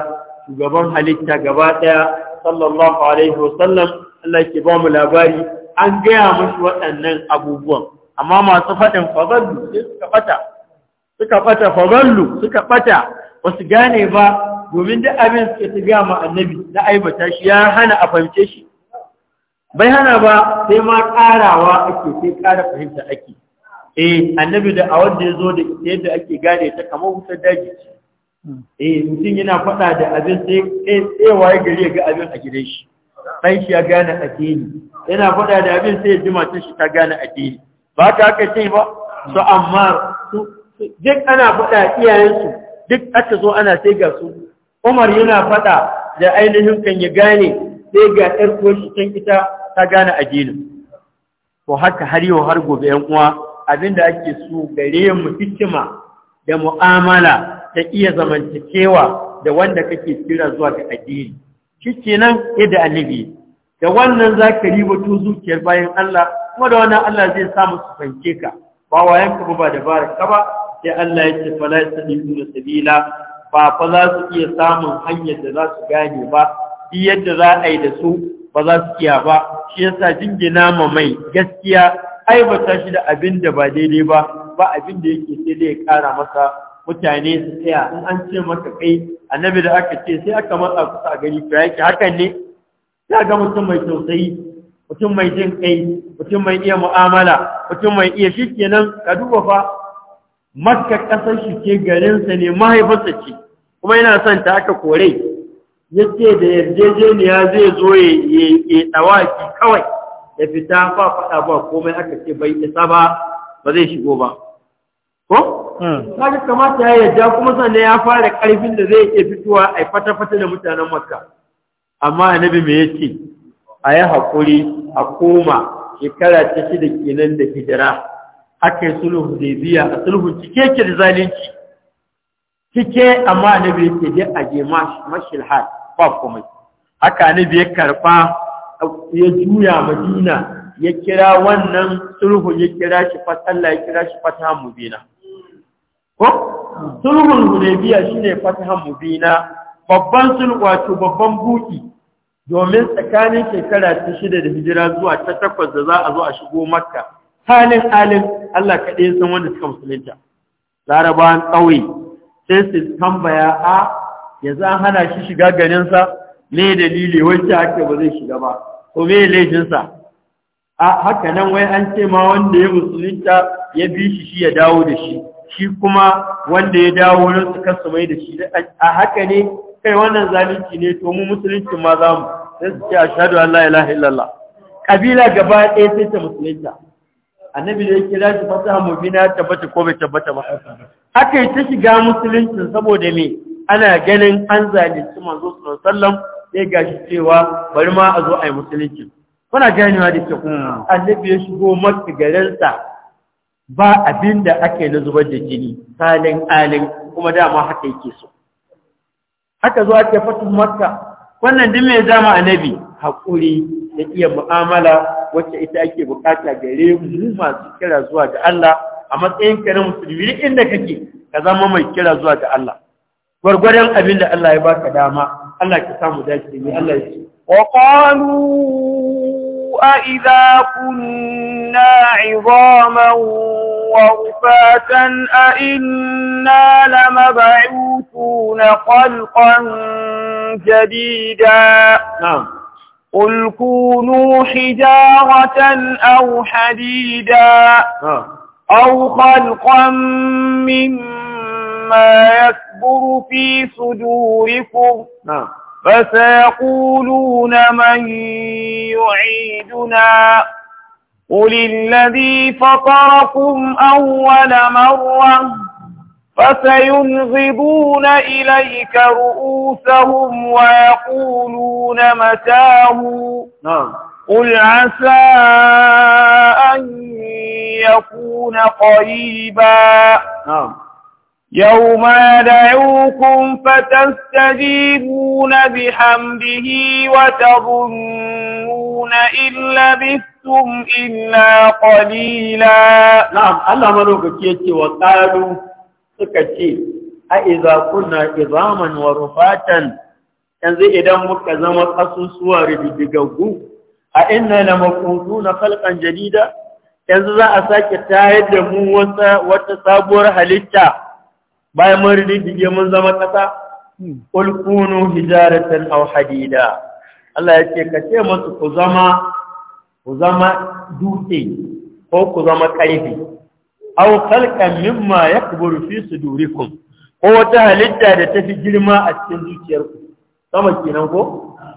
shugaban halitta gaba ɗaya sallallahu alaihi wasallam Allah ke ba mu labari an gaya musu waɗannan abubuwan amma masu faɗin fagallu sai suka fata suka fata fagallu suka fata ba su gane ba domin duk abin suka su gaya ma annabi na aibata shi ya hana a fahimce shi bai hana ba sai ma ƙarawa ake sai ƙara fahimta ake eh annabi da a wanda ya zo da yadda ake gane ta kamar wutar daji ce hmm. eh mutum yana faɗa da abin sai tsayawa ya gari ya ga abin a gidan shi ɗan shi ya gane addini yana faɗa da abin sai ya ji matan shi ta gane addini ba ta haka ce ba su amma su duk ana faɗa iyayensu duk aka zo ana sai ga su umar yana faɗa da ainihin kan ya gane sai ga ɗar koshi can ita ta gane addini. to haka har yau har gobe yan uwa abin abinda ake so gare mu hikima da mu'amala ta iya zamantakewa da wanda kake kira zuwa ga addini nan yadda annabi da wannan za ka wato zuciyar bayan Allah kuma da wannan Allah zai sa musu fanke ka ba wayan ka ba da ka ba sai Allah ya ce fala yastadiquna sabila ba fa za su iya samun hanyar da za su gane ba shi yadda za a yi da su ba za su iya ba shi yasa jingina ma mai gaskiya aibata shi da abinda ba daidai ba ba abinda yake sai dai ya kara masa mutane su tsaya in an ce maka kai annabi da aka ce sai aka matsa kusa a gari to yake hakan ne ya ga mutum mai tausayi mutum mai jin kai mutum mai iya mu'amala mutum mai iya shi kenan ka duba fa makka kasar shi garin garinsa ne mahaifarsa ce kuma yana son ta aka kore yace da yarjejeniya zai zo ya yi dawaki kawai ya fita ba faɗa ba komai aka ce bai isa ba ba zai shigo ba ko hmm. kaga kamata ya yadda kuma sannan ya fara karfin da zai iya fitowa a fata-fata da mutanen makka amma annabi me yake a yi haƙuri a koma shekara ta shida kenan da hijira aka yi sulhu biya a sulhu cike ke da zalunci cike amma annabi yake dai a je mashi lahar ba komai haka annabi ya karfa ya juya madina ya kira wannan sulhu ya kira shi fatalla ya kira shi fata mubina ko sulhul hudaybiya shine fatahan mubina babban sulhu wato babban buki domin tsakanin shekara ta shida da hijira zuwa ta takwas da za a zo a shigo makka halin halin Allah kaɗai san wanda suka musulunta larabawan ƙauye sai su tambaya a yanzu an hana shi shiga ganinsa Me dalili wacce ake ba zai shiga ba ko me laifinsa a haka nan wai an ce ma wanda ya musulunta ya bi shi shi ya dawo da shi shi kuma wanda ya dawo wurin su kasu mai da shi a haka ne kai wannan zalunci ne to mu musulunci ma za mu sai su ce a shaɗu an la ilaha lalla." kabila gaba ɗaya sai ta musulunta annabi da yake lashe shi fasaha na tabbata ko bai tabbata ba haka yi ta shiga musuluncin saboda me ana ganin an zalunci manzo sallallahu alaihi sallam, sai gashi cewa bari ma a zo a yi musulunci kuna ganewa da kuma. annabi ya shigo maka garinsa ba abin da ake na zubar da jini salin alin kuma dama haka yake so haka zuwa ke fatin makka wannan din mai zama annabi haƙuri da iya mu'amala wacce ita ake bukata gare mu masu kira zuwa ga Allah a matsayin ka na musulmi duk inda kake ka zama mai kira zuwa ga Allah gwargwadon abin da Allah ya baka dama Allah ki samu dace ne Allah ya ce أَإِذَا كُنَّا عِظَامًا وَرُفَاتًا أئنا لَمَبْعُوثُونَ خَلْقًا جَدِيدًا نعم قُلْ كُونُوا حِجَارَةً أَوْ حَدِيدًا نعم أَوْ خَلْقًا مِّمَّا يَكْبُرُ فِي صُدُورِكُمْ نعم فسيقولون من يعيدنا قل الذي فطركم أول مرة فسينغضون إليك رؤوسهم ويقولون متاه نعم قل عسى أن يكون قريبا نعم يوم يدعوكم فتستجيبون بحمده وتظنون إن لبثتم إلا قليلا نعم الله ملوك كيتي وقالوا سكتي أئذا كنا عظاما ورفاتا yanzu idan muka zama ƙasusuwa rididdigaggu a inna na makuntu na falkan jadida yanzu za a sake tayar da mu wata sabuwar halitta bayan mun rididdige mun zama ƙasa hmm. qul kunu hijaratan aw hadida Allah ya ce ka ce musu ku zama ku zama dutse ko ku zama ƙarfi aw khalqan mimma yakburu fi sudurikum ko wata halitta da tafi girma a cikin zuciyarku sama kenan ko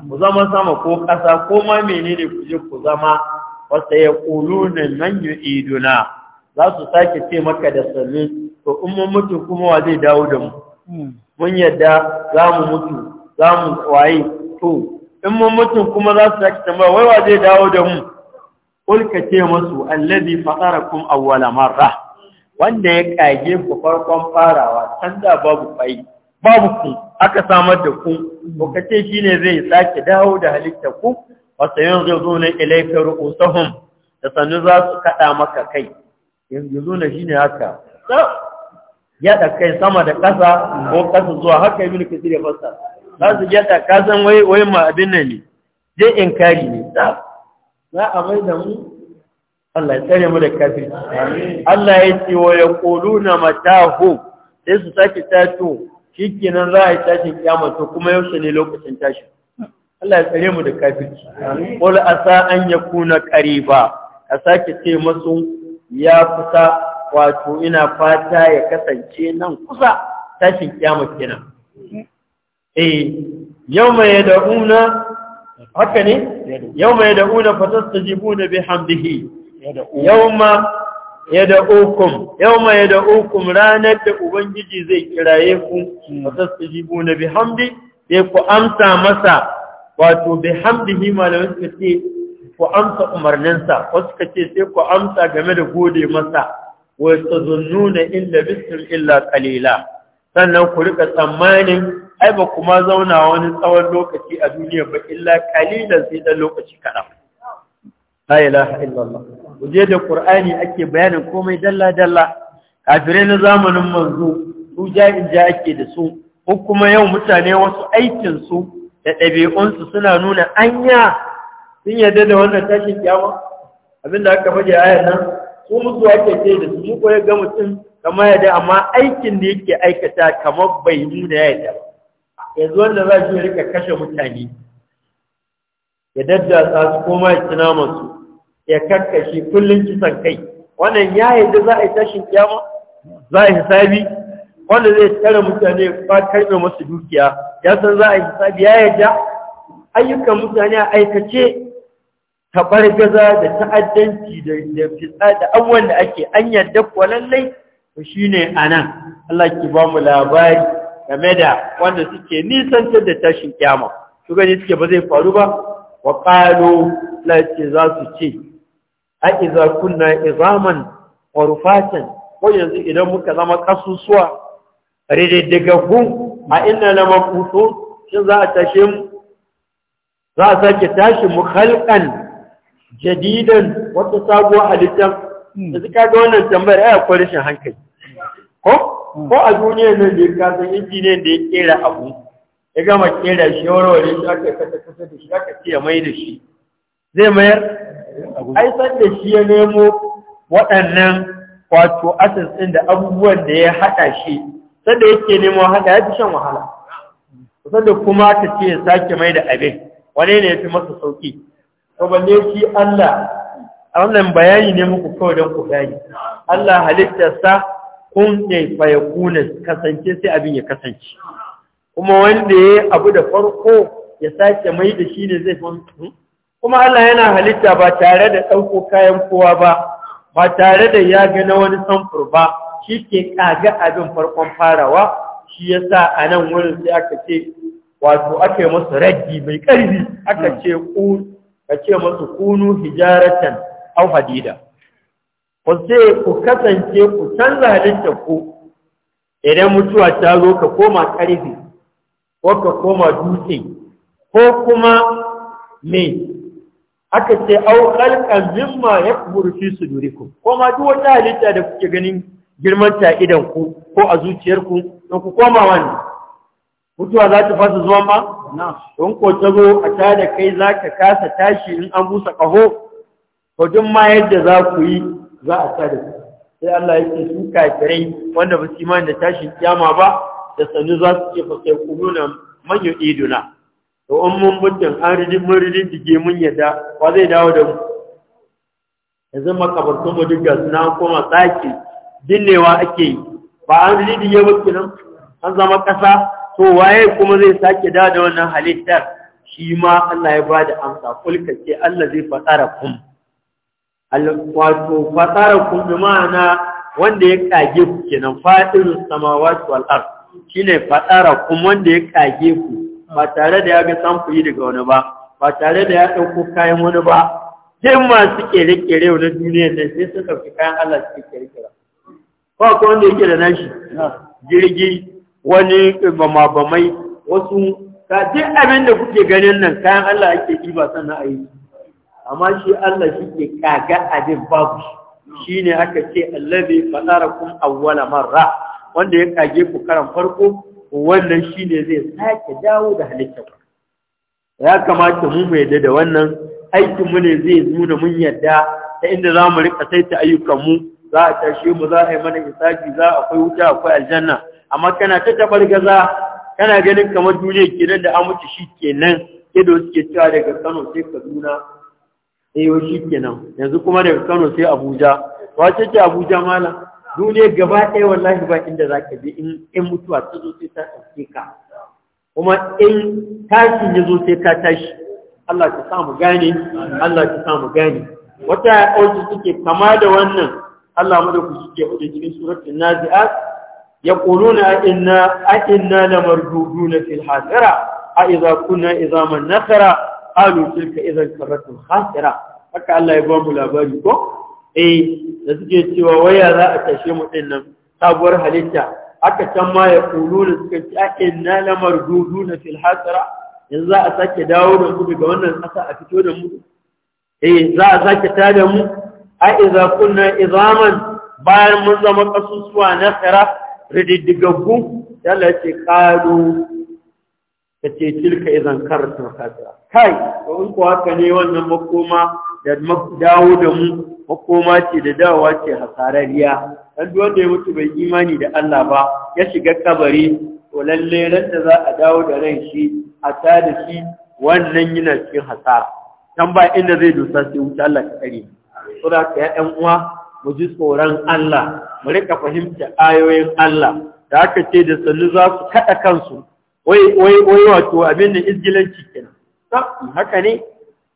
ku zama sama ko ƙasa ko ma menene ku je ku zama wasa ya ƙulu na iduna za su sake ce maka da sami to in mun mutu kuma wa zai dawo da mu hmm. mun yadda za mu mutu za mu waye to in mun mutu kuma za su sake tambaya wai wa zai dawo da mu Kulka ce masu allazi fatarakum awwala marra wanda ya kage ku farkon farawa can da babu kwai babu ku aka samar da ku to kace shine zai sake dawo da halitta ku wa sayunzuna ilayka ru'usuhum da sannu za su kada maka kai yanzu ne shine haka yada kai sama da ƙasa ko ƙasa zuwa haka yi kasir ya fasa. za su ɗaka kasan wai wai ma abin nan ne in kari ne za a mai da mu Allah ya tsare mu da kafin. Allah ya ce wa ya na matahu sai su sake tato nan za a yi tashin kiyama kuma yaushe ne lokacin tashi Allah ya tsare mu da kafin. Wani asa an yakuna ba, a sake ce masu ya kusa wato ina fata ya kasance nan kusa tashin kyamu kenan eh da una, haka ne Yau ma ya da bihamdihi yau mai da yad'ukum ranar da ubangiji zai kiraye ku hmm. bi hamdi, sai ku amsa masa wato hamdihi malamin suka ce ku amsa umarninsa wasu suka ce sai ku amsa game da gode masa wa tazunnuna illa labistum illa qalila sannan ku rika tsammanin ai ba kuma zauna wani tsawon lokaci a duniya ba illa qalilan sai dan lokaci kaɗan. la ilaha illallah kuje da qur'ani ake bayanin komai dalla dalla kafirai na zamanin manzo su jahil ja ake da su ko kuma yau mutane wasu aikin su da ɗabi'unsu suna nuna anya sun yarda da wannan tashin kyawa abinda aka faɗi ayar nan ko musu ake ce da su ko ya ga mutum kamar da amma aikin da yake aikata kamar bai nuna ya ba. yanzu wanda za shi rika kashe mutane ya daddasa su ko ma ya tuna masu ya karkashe kullum kisan kai wannan ya da za a yi tashin kyama za a yi hisabi wanda zai tare mutane ba karbe masu dukiya ya san za a yi hisabi ya yarda ayyukan mutane a aikace tabargaza da ta'addanci da fitsa da awwal da ake an yadda kuwa to shine anan Allah ki ba mu labari game da wanda suke nisantar da tashin kiyama su gani suke ba zai faru ba wa qalu la ce za su ce a iza kunna izaman wa rufatan ko yanzu idan muka zama kasusuwa gun a inna na mafusu shin za a tashe mu za a sake tashin mu khalqan jadidan wata sabuwar halittar da hmm. suka ga wannan tambayar ai akwai rashin hankali ko hmm. ko a duniyar nan da ka san injiniyan da ya kera abu ya gama kera shi warware shi aka kasa kasa da shi aka ce ya mai da shi zai mayar ai san da shi ya nemo waɗannan wato asas ɗin da abubuwan da ya haɗa shi sanda yake nemo haɗa ya fi shan wahala sanda kuma ta ce ya sake mai da abin wani ne ya fi masa sauƙi to Allah a wannan bayani ne muku kawai don ku gani Allah halittarsa kun ne fayakuna kasance sai abin ya kasance kuma wanda ya abu da farko ya sake mai da shi ne zai fi kuma Allah yana halitta ba tare da ɗauko kayan kowa ba ba tare da ya ga na wani samfur ba shi ke kaga abin farkon farawa shi ya sa a nan wurin sai aka ce wato aka yi masa raggi mai ƙarfi aka ce ka ce masu kunu hijaratan au hadida ku ce ku kasance ku canza halitta ku idan mutuwa ta zo ka koma ƙarfi ko ka koma dutse ko kuma me aka ce au khalqan mimma yakburu fi sudurikum ko ma duk wata halitta da kuke ganin girman ta idan ku ko a zuciyarku, ku to ku koma wani mutuwa za ta fasa zuwa ma in ko ta zo a ta da kai za ka kasa tashi in an busa ƙaho to duk ma yadda za ku yi za a ta da sai Allah ya yake su kafirai wanda ba su imani da tashin kiyama ba da sannu za su ce fasai sai kuluna manyan iduna to mun mutum an mun ridin dige mun yadda ba zai dawo da mu yanzu makabartun mu duk gasu na koma dinnewa ake yi ba an ridin ya mutu nan an zama ƙasa to waye kuma zai sake da da wannan halittar shi ma Allah ya bada amsa kulka ce Allah zai fasara kun wato fasara kun bi ma'ana wanda ya kage ku kenan fadin samawati wal ard shine fasara kun wanda ya kage ku ba tare da ya ga yi daga wani ba ba tare da ya dauko kayan wani ba Sai masu kere-kere na duniyar nan sai suka fi kayan Allah suke kere-kere ba ko wanda yake da nashi jirgi wani bama wasu ka duk abin da kuke ganin nan kayan Allah ake ba sannan a yi amma shi Allah shi ke kaga abin babu shi ne aka ce fasara kun awwala marra wanda ya kage ku karan farko wannan shi ne zai sake dawo da halittar ya kamata mu mai da wannan aikinmu ne zai nuna mun yadda ta inda za mu rika saita ayyukanmu za a tashe mu za a yi mana hisabi za akwai wuta akwai aljanna amma kana ta tabar gaza kana ganin kamar duniya kenan da an mutu shi kenan kedo suke cewa daga Kano sai Kaduna eh shi kenan yanzu kuma daga Kano sai Abuja wace ce Abuja mala duniya gaba ɗaya wallahi ba inda za ka je in mutuwa ta zo sai ta ɗauke ka kuma in tashi ya zo sai ka tashi Allah ta mu gane Allah ta mu gane wata ya suke kama da wannan Allah mu da ku suke hudu cikin suratul nazi'at yaquluna inna a inna lamarduduna fil hasira a idza kunna izaman nakara qalu tilka idzan karratun khasira haka Allah ya ba mu labari ko eh da suke cewa waya za a tashe mu din nan sabuwar halitta Haka can ma ya kuluna suka ce a inna lamarduduna fil hasira yanzu za a sake dawo da mu daga wannan ƙasa a fito da mu eh za a sake tada mu a iza kunna izaman bayan mun zama ƙasusuwa na tsira rididdigaggu yalla ce kalu ta ce tilka izan karatu kaza kai to in ko haka ne wannan makoma da dawo da mu makoma ce da dawowa ce hasarariya dan duk wanda ya mutu bai imani da Allah ba ya shiga kabari to lalle ran da za a dawo da ran shi a tada shi wannan yana cikin hasara dan ba inda zai dosa sai wuta Allah ka kare sura ka ya uwa mu ji tsoron Allah mu rika fahimta ayoyin Allah da aka ce da sallu za su kaɗa kansu wai wai wato abin da izgilanci kenan haka ne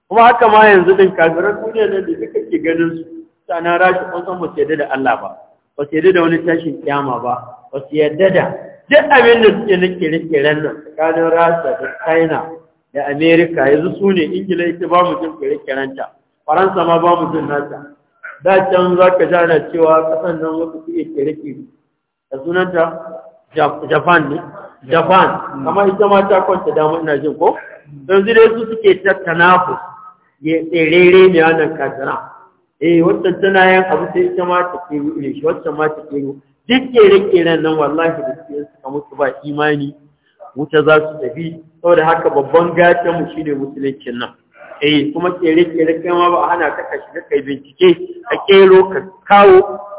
kuma haka ma yanzu din kafiran duniya nan da kake ganin su sana rashi kun san ba su yadda da Allah ba ba su yadda da wani tashin kyama ba ba su yadda da duk abin da suke na kere-keren nan tsakanin Rasha da China da Amerika yanzu su ne Ingila ita ba mu jin kere ta. faransa ma babu jin nata da can za ka jara cewa kasan nan wata su iya kere-kere da sunanta japan ne japan kamar ita ma ta kwanta damu ina jin ko don zire su suke ta tanafu ya tserere ne wannan kasara eh wancan tana yin abu sai ita ma ta kero ne eh, shi wancan ma ta kero duk kere-keren nan wallahi da suke suka mutu ba imani wuta za su tafi saboda haka babban gatan mu shine musuluncin nan eh kuma kere-kere kai ma ba a hana ka shiga kai bincike a kero ka kawo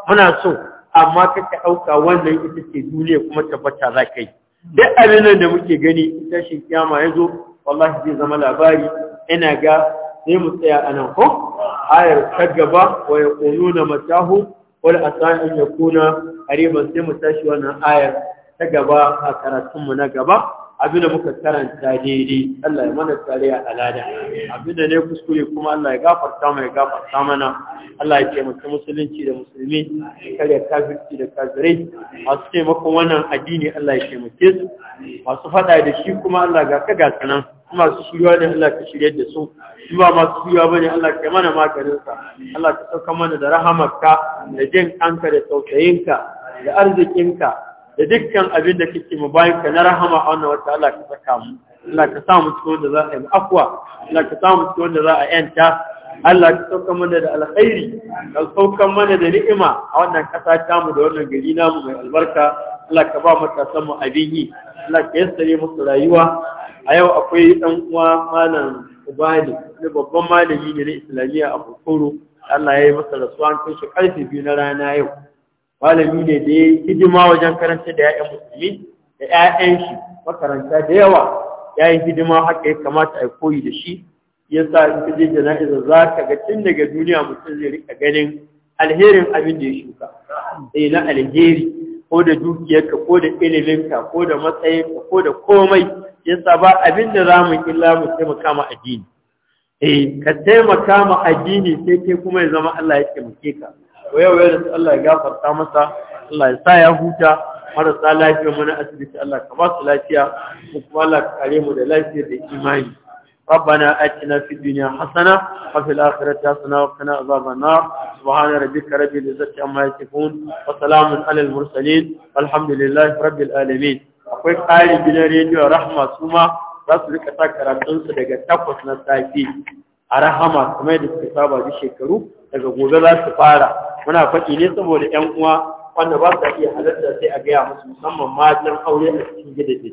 muna so amma ka ka ɗauka wannan ita ce duniya kuma tabbata za kai. yi duk abin da muke gani tashin kiyama ya zo wallahi zai zama labari ina ga sai mu tsaya a nan ko ayar ta gaba wa ya koyo na matahu wani asa'in ya kuna a sai mu tashi wannan ayar ta gaba a karatunmu na gaba abinda muka karanta daidai Allah ya mana tsare a alada abinda ne kuskure kuma Allah ya gafarta mai gafarta mana Allah ya taimaka musulunci da musulmi karya kafirci da kafirai masu taimakon wannan addini Allah ya taimake su masu faɗa da shi kuma Allah ga ka gasa nan masu shirya ne Allah ka shirya da su in ba masu shirya bane Allah ka mana maganin sa Allah ka sauka mana da rahamarka da jin kanka da tausayinka da arzikinka da dukkan abin da kake mu bayan ka na rahama a wannan wata Allah ka saka mu Allah ka sa mu cikin wanda za a yi akwa Allah ka sa mu cikin wanda za a yanta Allah ka sauka mana da alkhairi ka sauka mana da ni'ima a wannan kasa ta mu da wannan gari namu mai albarka Allah ka ba ta mu abin yi Allah ka yassare musu rayuwa a yau akwai dan uwa malam ubani ne babban malami ne na islamiyya a Bukuru Allah ya yi masa rasuwa an kai shi karfe biyu na rana yau malami ne da ya yi hidima wajen karanta da ‘ya'yan musulmi da ‘ya'yan shi makaranta da yawa ya yi hidima haka ya kamata a koyi da shi ya sa in ka je jana'iza za ka ga tun daga duniya mutum zai rika ganin alherin abin da ya shuka sai eh, na alheri ko da dukiyarka ko da iliminka ko da matsayinka ko da komai ya sa ba abin da za mu illa mu taimaka ma addini eh ka taimaka ma addini sai kai kuma ya zama Allah ya taimake ka yau da rasu Allah ya gafarta masa Allah ya sa ya huta marasa lafiya mana asibiti Allah ka ba su lafiya ko kuma Allah ka kare mu da lafiya da imani ربنا آتنا في الدنيا حسنة وفي الآخرة حسنة وقنا عذاب النار سبحان ربك رب العزة عما يصفون وسلام على المرسلين والحمد لله رب العالمين akwai ƙari gidan rediyo rahama su ma za su rika sa karatunsu daga takwas na safi a rahama kamar da suka saba shekaru daga gobe za su fara muna faɗi ne saboda 'yan uwa wanda ba su iya halarta sai a gaya musu musamman ma aure a cikin gidaje